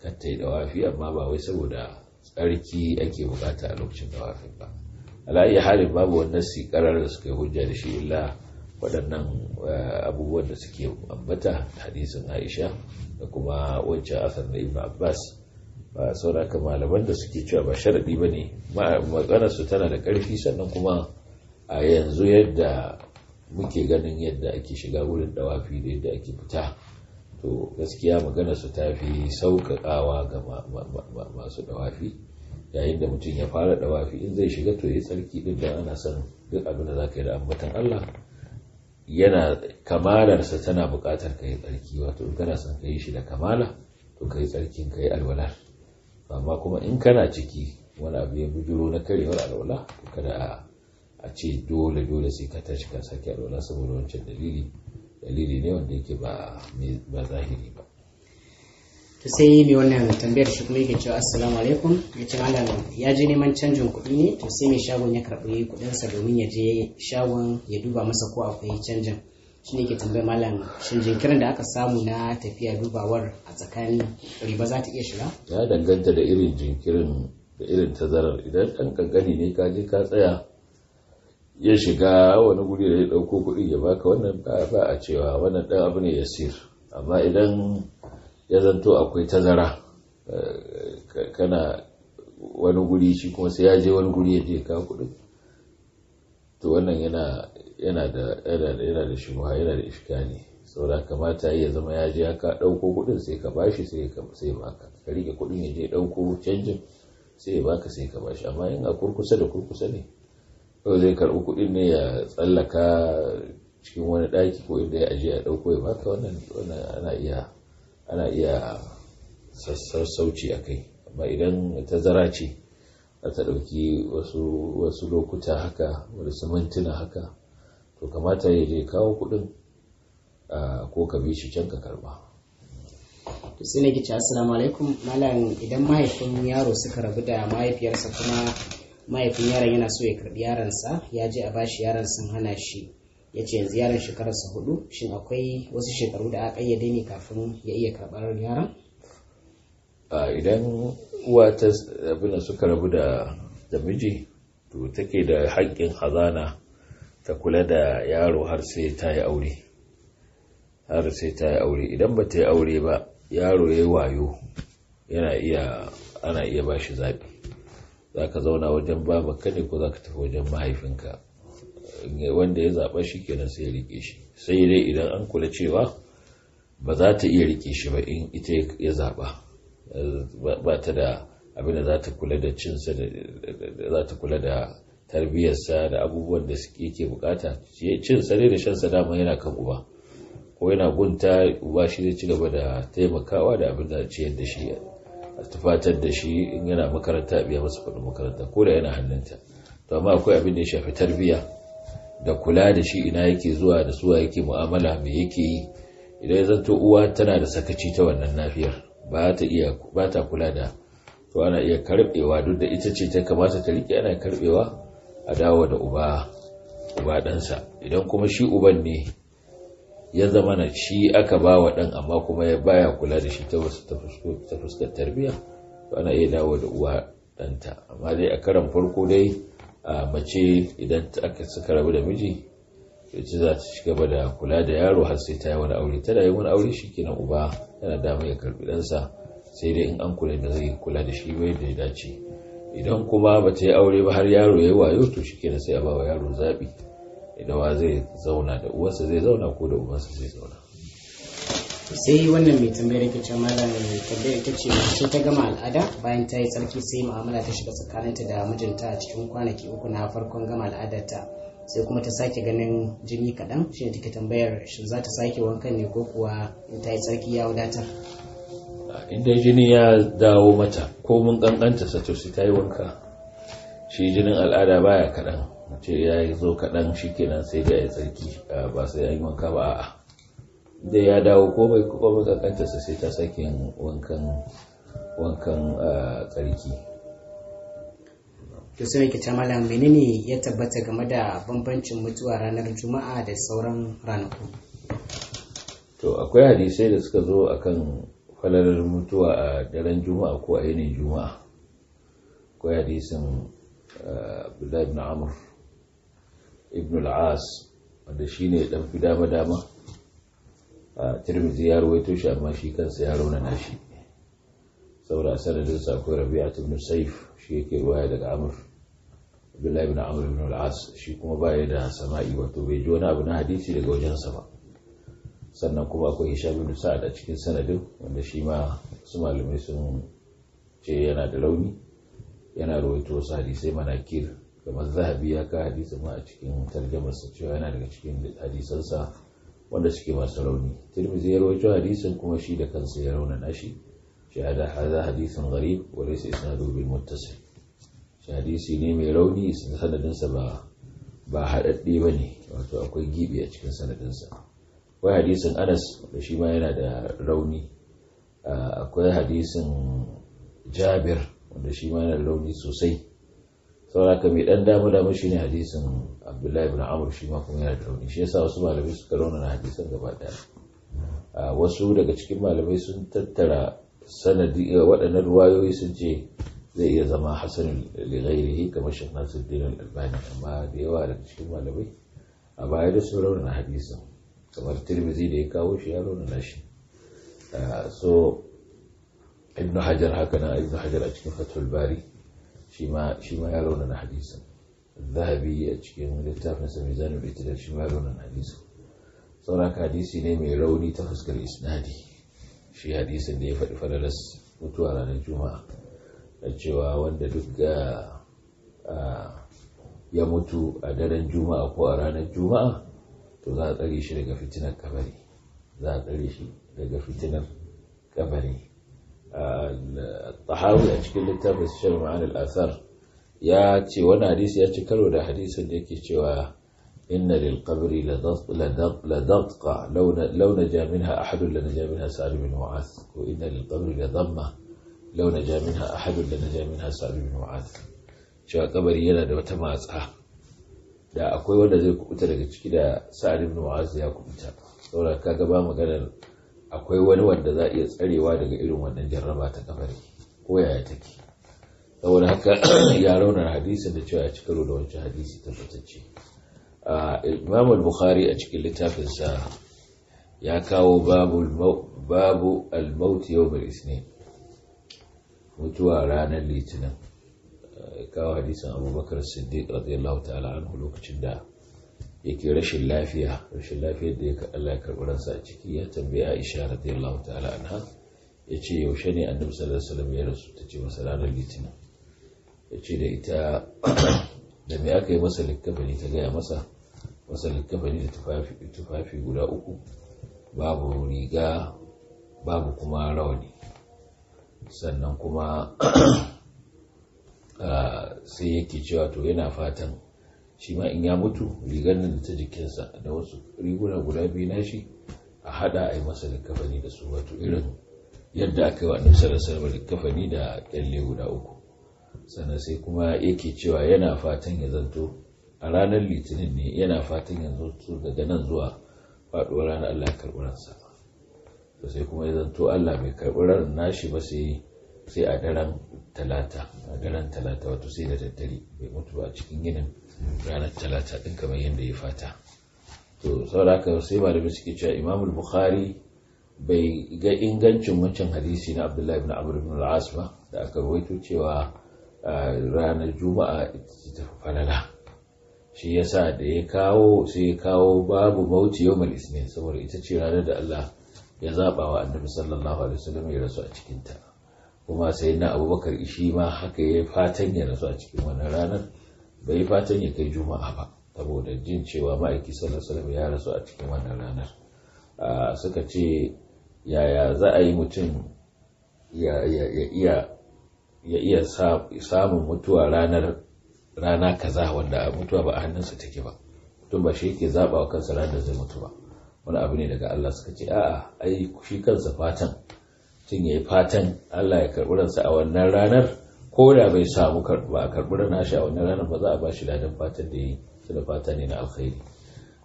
B: kan ta yi dawafi amma ba wai saboda tsarki ake bukata a lokacin dawafin ba ala iya halin babu wannan sikarar karar da suka yi hujja da shi illa waɗannan eh, abubuwan da suke ambata hadisin aisha da kuma wancan asar na ibn abbas ba ka malaman da suke cewa ba sharaɗi ba ne su tana da ƙarfi sannan kuma a yanzu yadda muke ganin yadda ake shiga wurin dawafi da yadda ake fita to gaskiya magana su ta fi sauƙaƙawa ga masu ɗawafi, yayin da mutum ya fara ɗawafi in zai shiga to ya tsarki din da ana son duk abin da za ka yi da ambatan Allah yana kamalarsa tana buƙatar ka yi tsarki wato in kana son ka yi shi da kamala to ka yi tsarkin ka yi alwalar amma kuma in kana ciki wani abu ya bujuro na karewar alwala kada a ce dole dole sai ka tashi ka sake alwala saboda wancan dalili dalili ne wanda yake ba zahiri ba
A: to sai mai wannan tambayar shi kuma yake cewa assalamu alaikum ya ce malam ya je neman canjin kuɗi ne to sai mai shagon ya karɓi kuɗinsa domin ya je shagon ya duba masa ko akwai canjin shi ne ke tambayar malam shin jinkirin da aka samu na tafiya dubawar a tsakanin riba za ta iya shiga
B: ya danganta da irin jinkirin da irin tazarar idan ɗan kankani ne ka je ka tsaya ya shiga wani guri da ya dauko kuɗi ya baka wannan ba a cewa wannan dan abu ne yasir amma idan ya zanto akwai tazara eh, kana wani guri shi kuma sai ya je wani guri ya je ka kuɗi to wannan yana yana da yana da shubha yana da iskani saboda kamata ya zama ya je ya ka dauko kuɗin sai ka bashi sai ka sai baka ka rike kuɗin ya je dauko canjin sai ya baka sai ka bashi amma in a kurkusa da kurkusa ne ko zai karɓi kuɗin ne ya tsallaka cikin wani ɗaki ko inda ya ajiye ya ɗauko ya baka wannan ana iya ana iya sassauci a kai amma idan tazara ce a ta ɗauki wasu lokuta haka wasu mintuna haka to kamata ya je kawo kuɗin ko ka bi shi can ka karɓa to sai na
A: gice assalamu alaikum malam idan mahaifin yaro suka rabu da mahaifiyarsa kuma mahaifin yaron yana so ya karbi yaronsa ya je a bashi yaron sun hana shi ya ce yanzu yaron shekararsa hudu shin akwai wasu shekaru da aka ƙayyade ne kafin ya iya karɓar yaron
B: idan uwa ta abin suka rabu da da miji to take da haƙƙin hazana ta kula da yaro har sai ta yi aure har sai ta yi aure idan ba ta yi aure ba yaro ya yi wayo yana iya ana iya ba shi zaɓi za ka zauna wajen babanka ne ko za ka tafi wajen mahaifinka wanda ya zaɓa shi kenan sai ya riƙe shi sai dai idan an kula cewa ba za ta iya riƙe shi ba in ita ya zaɓa ba ta da abin da za ta kula da cinsa da da tarbiyyarsa da abubuwan da yake bukata cinsa ne da shansa dama yana kan uba ko yana gunta uba shi zai ci gaba da taimakawa da abin da ciyar da shi a tufatar da shi in yana makaranta biya masa kudin makaranta ko da yana hannunta to amma akwai abin da ya shafi tarbiyya da kula da shi ina yake zuwa da suwa yake mu'amala mai yake yi idan ya zanto uwa tana da sakaci ta wannan nafiyar ba ta iya ba ta kula da to ana iya karbewa duk da ita ce ta kamata ta rike ana karbewa a dawo da uba uba ɗansa idan kuma shi uban ne ya zama na shi aka ba wa ɗan amma kuma ya baya kula da shi ta wasu ta fuskar tarbiyya to ana iya dawo da uwa ɗanta amma dai a karan farko dai a mace idan aka suka rabu da miji ci za ta shiga da kula da yaro har sai ta yi wani aure tana yi wani aure shi kenan uba yana dama ya karbi ɗansa sai dai in an kula da zai kula da shi bai da ya dace idan kuma ba ta yi aure ba har yaro ya yi wayo to shi kenan sai a ba wa yaro zaɓi Idawa zai zauna da uwarsa zai zauna ko da uwarsa zai zauna sai wannan mai tambayar ita ce mai tambayar
A: ita ce mace ta gama al'ada bayan ta yi tsarki sai mu'amala ta shiga tsakaninta da mijinta a cikin kwanaki uku na farkon gama al'adarta sai kuma ta sake ganin jini kaɗan shi ne take tambayar shin za ta sake wankan ne ko kuwa in ta yi tsarki ya wadatar
B: inda jini ya dawo mata ko mun ƙanƙanta sa to sai ta yi wanka shi jinin al'ada baya kaɗan ce ya zo kaɗan shi kenan sai da ya tsarki ba sai ya yi wanka ba a da ya dawo ko bai kuka ba sai ta sake wankan wankan tsarki to sai
A: ke tamala menene ya tabbata game da bambancin mutuwa ranar juma'a da sauran
B: ranaku to akwai hadisai da suka zo a kan falalar mutuwa a daren juma'a ko a yanayin juma'a akwai hadisin abdullahi ibn amr ibn al wanda wanda ne dan fi dama dama a tirmizi ya ruwaito shi amma shi kansa ya rauna na shi saboda sanadin sa akwai a ibn sayf shi yake ruwaya daga Amur. Abdullahi ibn Amur, ibn al’as shi kuma baya da sama'i wato bai ji wani abu na hadisi daga wajen sama. sannan kuma akwai isha bin sa'ad a cikin sanadin wanda shi ma su malamai sun ce yana da rauni yana ruwaito wasu hadisai manakir kamar zahabi ya ka hadisi ma a cikin tarjamarsa cewa yana daga cikin hadisansa wanda suke masu rauni tirmidhi ya rawaito hadisin kuma shi da kansa ya raunana shi shi hada hadha hadisin gari wa laysa isnaduhu bil muttasil shi hadisi ne mai rauni sanadinsa ba ba haɗaɗɗe ba ne wato akwai gibi a cikin sanadinsa akwai hadisin anas da shi ma yana da rauni akwai hadisin jabir wanda shi ma yana da rauni sosai sauraka mai dan damu damu shi ne hadisin abdullahi ibn amur shi ma kuma yana da rauni shi yasa wasu malamai suka raunana hadisan gaba daya wasu daga cikin malamai sun tattara sanadi eh, waɗannan ruwayoyi sun ce zai iya zama hasan lighairihi kamar shekh nasiruddin al-albani amma da yawa daga cikin malamai a baya da sun raunana hadisin kamar tirmidhi da ya kawo shi ya raunana shi so ibnu hajar haka na ibnu hajar a cikin fatul bari shi ma ya raunana hadisin zahabi a cikin littafin sa zanen ritila shi ma ya raunana hadisin sauran hadisi ne mai rauni ta fuskar isnadi shi hadisin da ya faɗi fadalas mutuwa ranar juma'a da cewa wanda duk ya mutu a daren juma'a ko a ranar juma'a to za a tsare shi daga fitinar kabari za a tsare shi daga fitinar kabari tahawi a cikin littafin shan ma'anar asar ya ce wani hadisi ya ci karo da hadisin da yake cewa inna lil qabri la dadqa law naja minha ahadun la naja minha sa'ib bin mu'az ko inna lil qabri la dhamma law naja minha ahadun la naja minha sa'ib bin mu'az cewa kabari yana da wata matsa da akwai wanda zai kubuta daga ciki da sa'ib bin mu'az ya kubuta saboda kaga ba maganar akwai wani wanda za a iya tsarewa daga irin wannan jarraba ta kabari ko yaya take saboda haka ya rauna hadisin da cewa ya ci karo da wancan hadisi tabbatacce imam bukhari a cikin littafinsa ya kawo babu al-maut yawm isnin mutuwa ranar litinin kawo hadisin abubakar siddiq radiyallahu ta'ala anhu lokacin da yake rashin lafiya rashin lafiyar da ya Allah ya karɓi ransa a ciki ya tambaye Aisha radiyallahu ta'ala anha yace yaushe ne Annabi sallallahu alaihi wasallam ya rasu tace masa ranar Litinin yace da ita da me aka yi masa likkafani ta gaya masa masa likafani da tufafi tufafi guda uku babu riga babu kuma rawani sannan kuma ah, sai yake cewa to yana fatan shi ma in ya mutu rigar nan da ta jikinsa da wasu riguna guda biyu na shi a hada a yi masa likafani da su wato irin yadda aka yi wa annabi sallallahu alaihi wasallam likafani da kyalle guda uku sannan sai kuma yake cewa yana fatan ya zanto a ranar litinin ne yana fatan yanzu daga nan zuwa faduwar ranar Allah ya ransa to sai kuma ya zanto Allah bai karɓar nashi ba sai sai a daren talata a daren talata wato sai da daddare bai mutu ba cikin ginin ranar talata ɗin kamar yadda ya fata to saboda haka sai malamai suke cewa imamul bukhari bai ga ingancin wancan hadisi na abdullahi ibn amr ibn al'as ba da aka rawaito cewa ranar juma'a ita ta falala shi sa da ya kawo sai ya kawo babu mauti mai isne saboda ita ce ranar da Allah ya zaɓa wa annabi sallallahu alaihi wasallam ya rasu a cikinta, kuma sai na abubakar ishi ma haka ya fatan ya rasu a cikin wannan ranar bai fatan ya kai juma'a ba saboda jin cewa ma'aiki sallallahu ya rasu a cikin wannan ranar ah, suka ce yaya za a yi mutum ya iya samun mutuwa ranar rana kaza wanda mutuwa ba a hannunsa take ba mutum ba shi ke zaɓa wa kansa ranar zai mutu ba wani abu ne daga Allah suka ce a'a ai shi kansa fatan tun ya yi fatan Allah ya karɓi ransa a wannan ranar ko da bai samu karɓa karɓar shi a wani ranar ba za a ba shi ladan fatan da yi da fata ne na alkhairi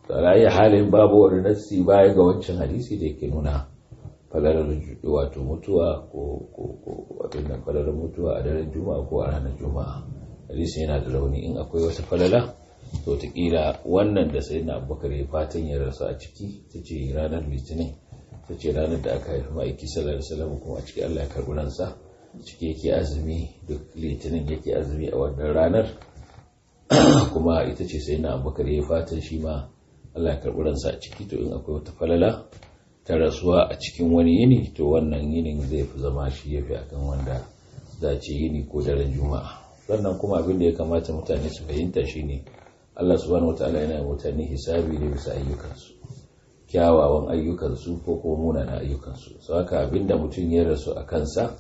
B: to rayu halin babu wani nassi baya ga wancan hadisi da yake nuna falalar wato mutuwa ko ko ko falalar mutuwa a daren juma'a ko a ranar juma'a hadisi yana da rauni in akwai wata falala to ta wannan da sai na abubakar ya fatan ya rasu a ciki ta ce ranar litinin ta ce ranar da aka haifi ma'aiki sallallahu alaihi wasallam kuma a ciki Allah ya karɓi ransa ciki yake azumi duk litinin yake azumi a wannan ranar kuma ita ce sai na abubakar ya fatan shi ma Allah karɓi ransa a ciki to in akwai wata falala ta rasuwa a cikin wani yini to wannan yinin zai fi zama shi ya fi akan wanda za ce yini ko daren juma'a sannan kuma abin da ya kamata mutane su fahimta ne. Allah subhanahu wataala yana mutane hisabi ne bisa ayyukansu kyawawan ayyukansu ko kuma munana ayyukansu sau haka abin da mutum ya rasu a kansa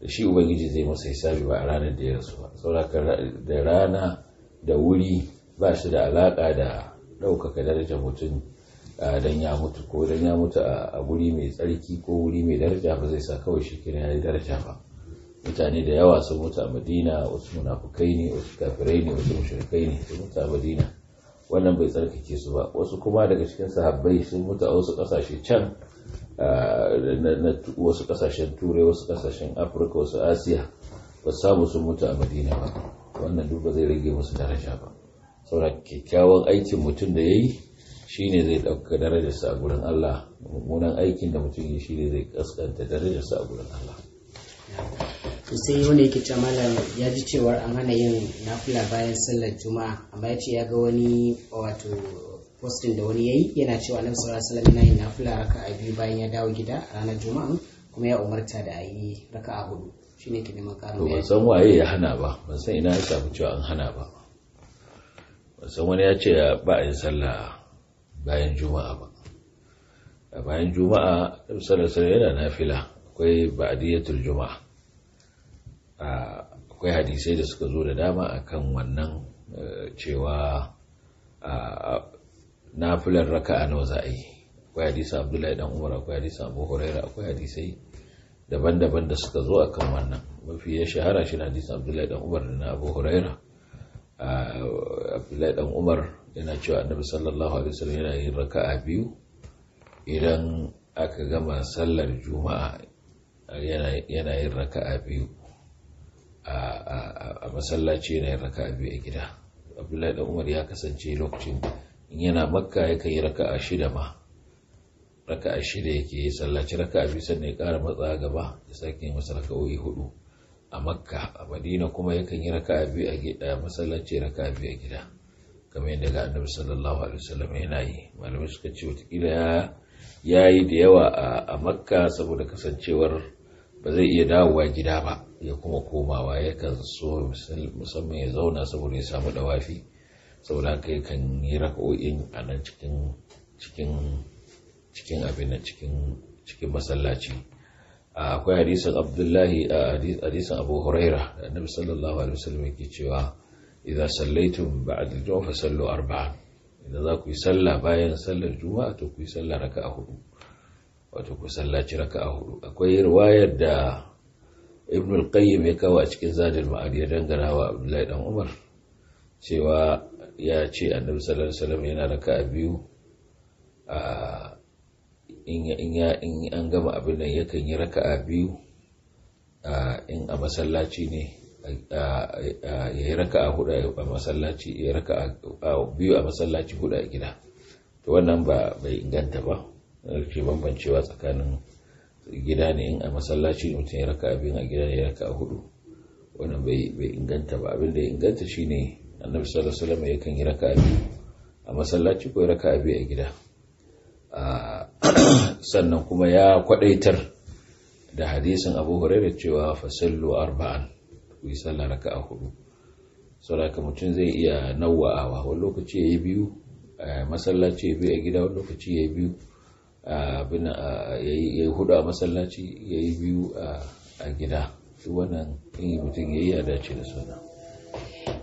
B: da shi ubangiji zai masa hisabi ba a ranar da ya rasu ba sauraka da rana da wuri ba shi da alaƙa da ɗaukaka daraja mutum don ya mutu ko don ya mutu a wuri mai tsarki ko wuri mai daraja ba zai sa kawai shi kira ya daraja ba mutane da yawa sun mutu a madina wasu munafukai ne wasu kafirai ne wasu mushrikai ne sun mutu a madina wannan bai tsarkake su ba wasu kuma daga cikin sahabbai sun mutu a wasu kasashe can na wasu kasashen turai wasu kasashen afirka wasu asiya ba samu sun mutu a madina ba wannan duk ba zai rage musu daraja ba saboda kyakkyawan aikin mutum da ya yi shi ne zai ɗauka darajarsa a gurin allah mummunan aikin da mutum ya shi ne zai kaskanta darajarsa a gurin allah
A: sai wani yake ta malam ya ji cewar an hana yin nafila bayan sallar juma'a amma ya ce ya ga wani wato postin da wani yayi yana cewa annabi sallallahu alaihi wasallam yana yin nafila raka'a biyu bayan ya dawo gida a ranar juma'a kuma ya umarta da ayi
B: raka'a hudu shine ke neman ban san waye ya hana ba ban san ina ya samu cewa an hana ba ban san wani ya ce ba a yi sallah bayan juma'a ba a bayan juma'a annabi sallallahu alaihi wasallam yana nafila akwai ba'diyatul juma'a akwai hadisai da suka zo da dama akan wannan eh, cewa nafilar a nawa za a yi akwai hadisi abdullahi dan umar akwai hadisi abu huraira akwai hadisai daban-daban da suka zo a kan wannan mafi ya shahara shi hadisi abdullahi dan umar na abu huraira abdullahi dan umar yana cewa annabi sallallahu alaihi wasallam yana yin raka'a biyu idan aka gama sallar juma'a yana yin raka'a biyu a masallaci yana yin raka'a biyu a gida abdullahi dan umar ya kasance lokacin yana makka yakan yi raka'a shida ma raka'a shida yake sallaci raka'a biyu sannan ya ƙara matsa gaba ya sake masa raka'o'i hudu a makka a madina kuma ya kan yi raka'a biyu a gida masallaci raka'a biyu a gida kamar yadda ga annabi sallallahu alaihi wasallam yana yi malamai suka ce watakila ya yi da yawa a makka saboda kasancewar ba zai iya dawowa gida ba ya kuma komawa ya kan so musamman ya zauna saboda ya samu dawafi saboda haka yakan yi raka'o'in a nan cikin cikin cikin abin nan cikin cikin masallaci akwai hadisin abdullahi a hadisin abu huraira da nabi sallallahu alaihi wasallam yake cewa idza sallaitum ba'd al-jumu'a fa sallu arba'a idan za ku yi sallah bayan sallar juma'a to ku yi sallah raka'a hudu wato ku sallaci raka'a hudu akwai riwayar da ibn al-qayyim ya kawo a cikin zadul ma'ad ya dangana wa abdullahi dan umar cewa ya ce annabi sallallahu alaihi wasallam yana raka'a biyu a in ya in an gama abin nan yakan yi a biyu in a masallaci ne ya yi raka a hudu a masallaci ya raka a biyu a masallaci hudu a gida to wannan ba bai inganta ba ke bambancewa tsakanin gida ne in a masallaci mutum ya a biyu a gida ne ya raka a hudu wannan bai inganta ba abin da ya inganta shine annabi sallallahu alaihi wasallam yakan yi raka'a biyu a masallaci ko raka'a biyu a gida sannan kuma ya kwadaitar da hadisin Abu Hurairah cewa fasallu arba'an ku yi sallah raka'a hudu saboda mutum zai iya nawawa wani lokaci yayi biyu masallaci biyu a gida wani lokaci yayi biyu abin yayi hudu a masallaci yayi biyu a gida wannan in mutum yayi ya dace da sunan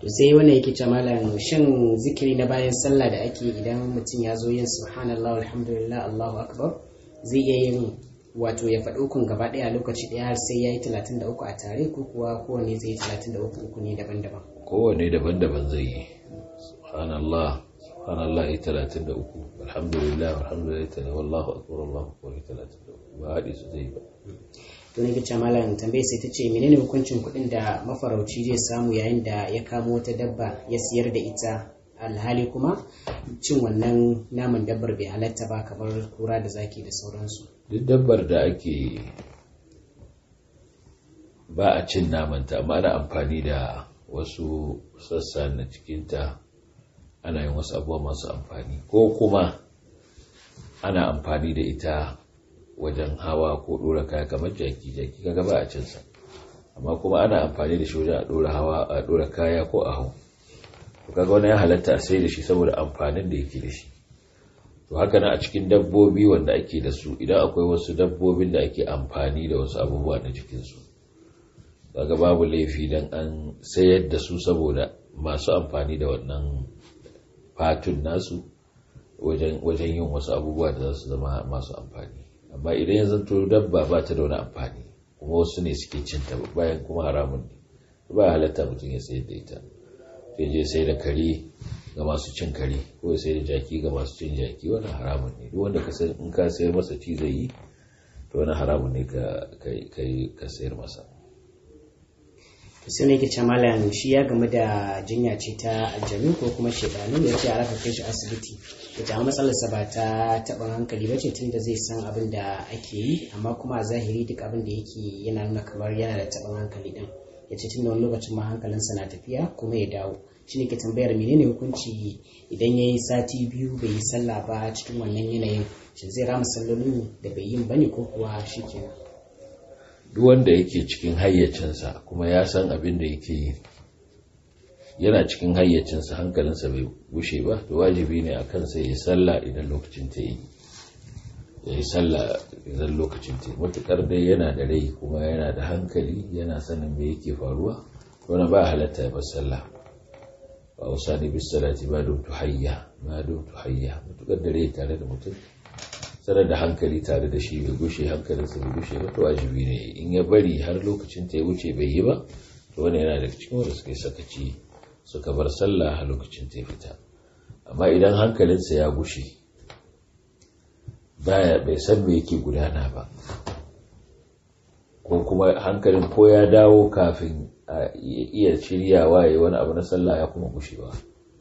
A: to sai wannan yake ce malam shin zikiri na bayan sallah da ake idan mutum ya zo yin subhanallah alhamdulillah allahu akbar zai iya yin wato ya faɗi ukun gaba ɗaya lokaci ɗaya har sai ya yi talatin da uku a tare ko kuwa kowane zai yi talatin da uku uku ne daban-daban
B: kowane daban-daban zai yi subhanallah subhanallah ya talatin da uku alhamdulillah alhamdulillah wallahu akbar wallahu akbar talatin da uku ba haɗe su zai ba
A: to nake ce malam tambayar sai ta ce menene hukuncin kuɗin da mafarauci zai samu yayin da ya kamo wata dabba ya siyar da ita alhali kuma cin wannan naman dabbar bai halatta ba kamar kura da zaki da sauransu
B: duk dabbar da ake ba a cin namanta amma ana amfani da wasu sassa na cikinta ana yin wasu abubuwa masu amfani ko kuma ana amfani da ita wajen hawa ko dora kaya kamar jaki jaki kaga ba a cinsa amma kuma ana amfani da shi wajen a dora hawa a dora kaya ko a hau to kaga wani ya halatta a sai da shi saboda amfanin da yake da shi to haka nan a cikin dabbobi wanda ake da su idan akwai wasu dabbobin da ake amfani da wasu abubuwa na jikinsu kaga babu laifi dan an sayar da su saboda masu amfani da wannan fatun nasu wajen yin wasu abubuwa da za su zama masu amfani amma idan ya zanto dabba ba ta da wani amfani kuma wasu ne suke cinta bayan kuma haramun ne ba halatta mutum ya sayar da ita sai je sai da kare ga masu cin kare ko ya sayar da jaki ga masu cin jaki wani haramun ne duk wanda ka san in ka sayar masa ci zai yi to wani haramun ne ka sayar masa sai ne ke ce malam
A: shi ya gamu da jinya ce ta aljanu ko kuma shedanu ya ce a raka shi asibiti ya ta matsalar sa ba ta taɓin hankali ba ce da zai san abin da ake yi amma kuma a zahiri duk abin da yake yana nuna kamar yana da taɓa hankali ɗin ya ce tunda wani lokacin ma hankalinsa na tafiya kuma ya dawo shi ne ke tambayar menene hukunci idan ya yi sati biyu bai yi sallah ba cikin wannan yanayin shin zai rama sallolin da bai yi ba ne ko kuwa shi kenan
B: duk wanda yake cikin hayyacinsa kuma ya san abin da yake yi yana cikin hayyacinsa hankalinsa bai gushe ba to wajibi ne a kansa ya sallah idan lokacin ta yi
A: ya yi sallah
B: idan lokacin ta yi matuƙar dai yana da rai kuma yana da hankali yana sanin me yake faruwa wani ba halatta ya bar sallah ba wasa ne bisalati ba don tuhayya ma tuhayya matuƙar da rai tare da mutum sanar da hankali tare da shi bai gushe hankalinsa bai gushe ba to wajibi ne in ya bari har lokacin ta ya wuce bai yi ba to wani yana daga cikin wanda suka yi sakaci suka bar sallah a lokacin ta ya fita amma idan hankalinsa ya gushe baya bai san me yake gudana ba ko kuma hankalin ko ya dawo kafin a iya shiryawa ya wani abu na sallah ya kuma gushe ba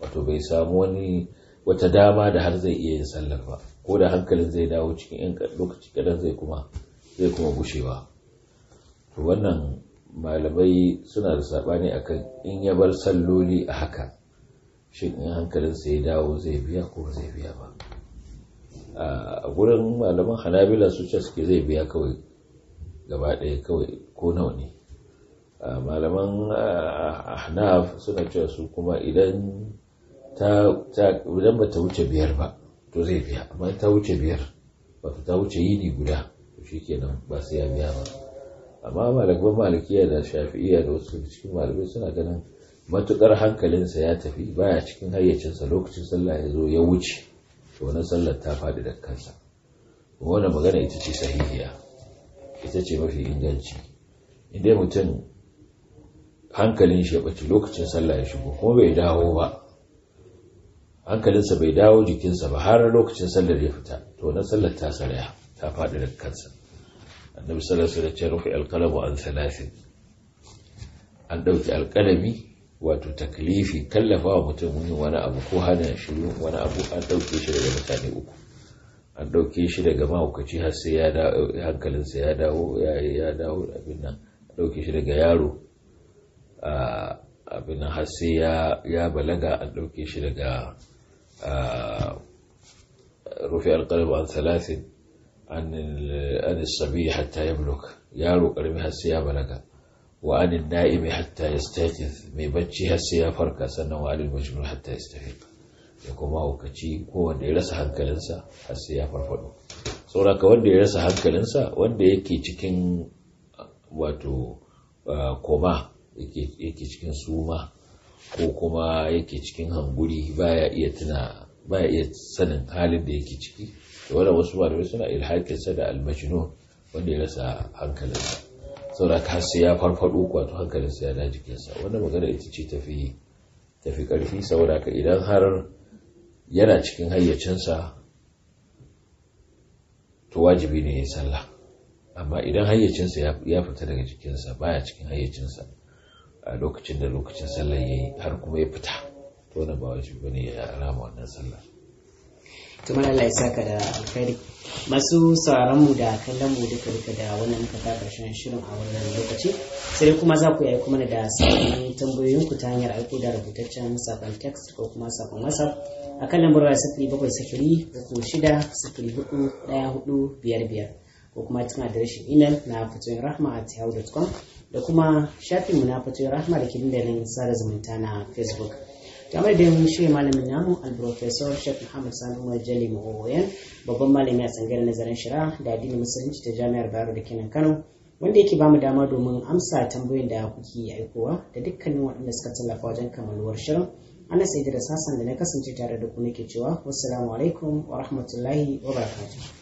B: wato bai samu wani wata dama da har zai iya yin sallar ba ko da hankalin zai dawo cikin yan lokaci kadan zai kuma zai kuma gushewa to wannan malamai suna da sabani akan in ya bar salloli a haka shin in hankalin sai dawo zai biya ko zai biya ba a gurin malaman hanabila su ce suke zai biya kawai gaba ɗaya kawai ko nawa ne malaman ahnaf suna cewa su kuma idan ta idan bata wuce biyar ba to zai biya amma ta wuce biyar wata ta wuce yini guda to shi kenan ba sai ya biya ba amma malaman malikiya da shafi'iya da wasu cikin malamai suna ganin matukar hankalinsa ya tafi baya cikin hayyacinsa lokacin sallah ya zo ya wuce to wani sallar ta faɗi da kansa wannan magana ita ce sahihiya ita ce mafi inganci inda mutum hankalin shi ya ɓace lokacin sallah ya shigo kuma bai dawo ba hankalinsa bai dawo jikinsa ba har lokacin sallar ya fita to na sallar ta saraya ta faɗi da kansa annabi sallallahu alaihi wasallam ya rufe alqalamu an salasin an ɗauki alƙalami wato taklifi kallafawa mutum yin wani abu ko hana shiru wani abu an ɗauke shi daga mutane uku an ɗauke shi daga mahaukaci har sai ya dawo hankalinsa ya dawo ya dawo abin nan ɗauke shi daga yaro ah, abin nan har sai ya balaga an ɗauke shi daga rufe alƙalba an talatin an sabi hatta ya blok yaro ƙarfi har sai ya balaga wa an na'imi hatta ya mai bacci har sai ya farka sannan wa alil majnun hatta ya ya kuma hukaci ko wanda ya rasa hankalinsa har sai ya farfado sauraka wanda ya rasa hankalinsa wanda yake cikin wato koma yake cikin suma ko kuma yake cikin hanguri baya iya tuna baya iya sanin halin da yake ciki da wannan wasu da suna ilhakinsa da almajnun wanda ya rasa hankalinsa saboda ka sai ya farfado wato hankalinsa ya da jikinsa wannan magana ita ce tafi tafi karfi saboda ka idan har yana cikin hayyacinsa to wajibi ne ya sallah amma idan hayyacinsa ya fita daga jikinsa baya cikin hayyacinsa a lokacin da lokacin sallar ya yi har kuma ya fita to na ba wajibi bane ya alama wannan sallar
A: kuma Allah ya saka da alkhairi masu sauraron mu da kallon mu duka duka da wannan muka ta karshen shirin a wannan lokaci sai kuma za ku yi kuma da sabon tambayoyin ku ta hanyar aiko da rubutaccen sabon text ko kuma sakon whatsapp kan lambar waya sifiri bakwai sifiri uku shida sifiri hudu daya hudu biyar biyar ko kuma cikin adireshin inal na fitoyin rahma at yahoo.com da kuma shafin mu na fatoyin rahma da kin sada zumunta na facebook tare da shi malamin namu al-professor Sheikh Muhammad Sani Umar Jali Mahoyan babban malami a tsangayar nazarin shari'a da addinin musulunci ta Jami'ar Bayero da kenan Kano wanda yake mu dama domin amsa tambayoyin da kuke aikowa da dukkanin waɗanda suka tallafa wajen kammaluwar shirin ana
B: sai da sasan da na kasance tare da ku nake cewa wassalamu alaikum wa rahmatullahi wa barakatuh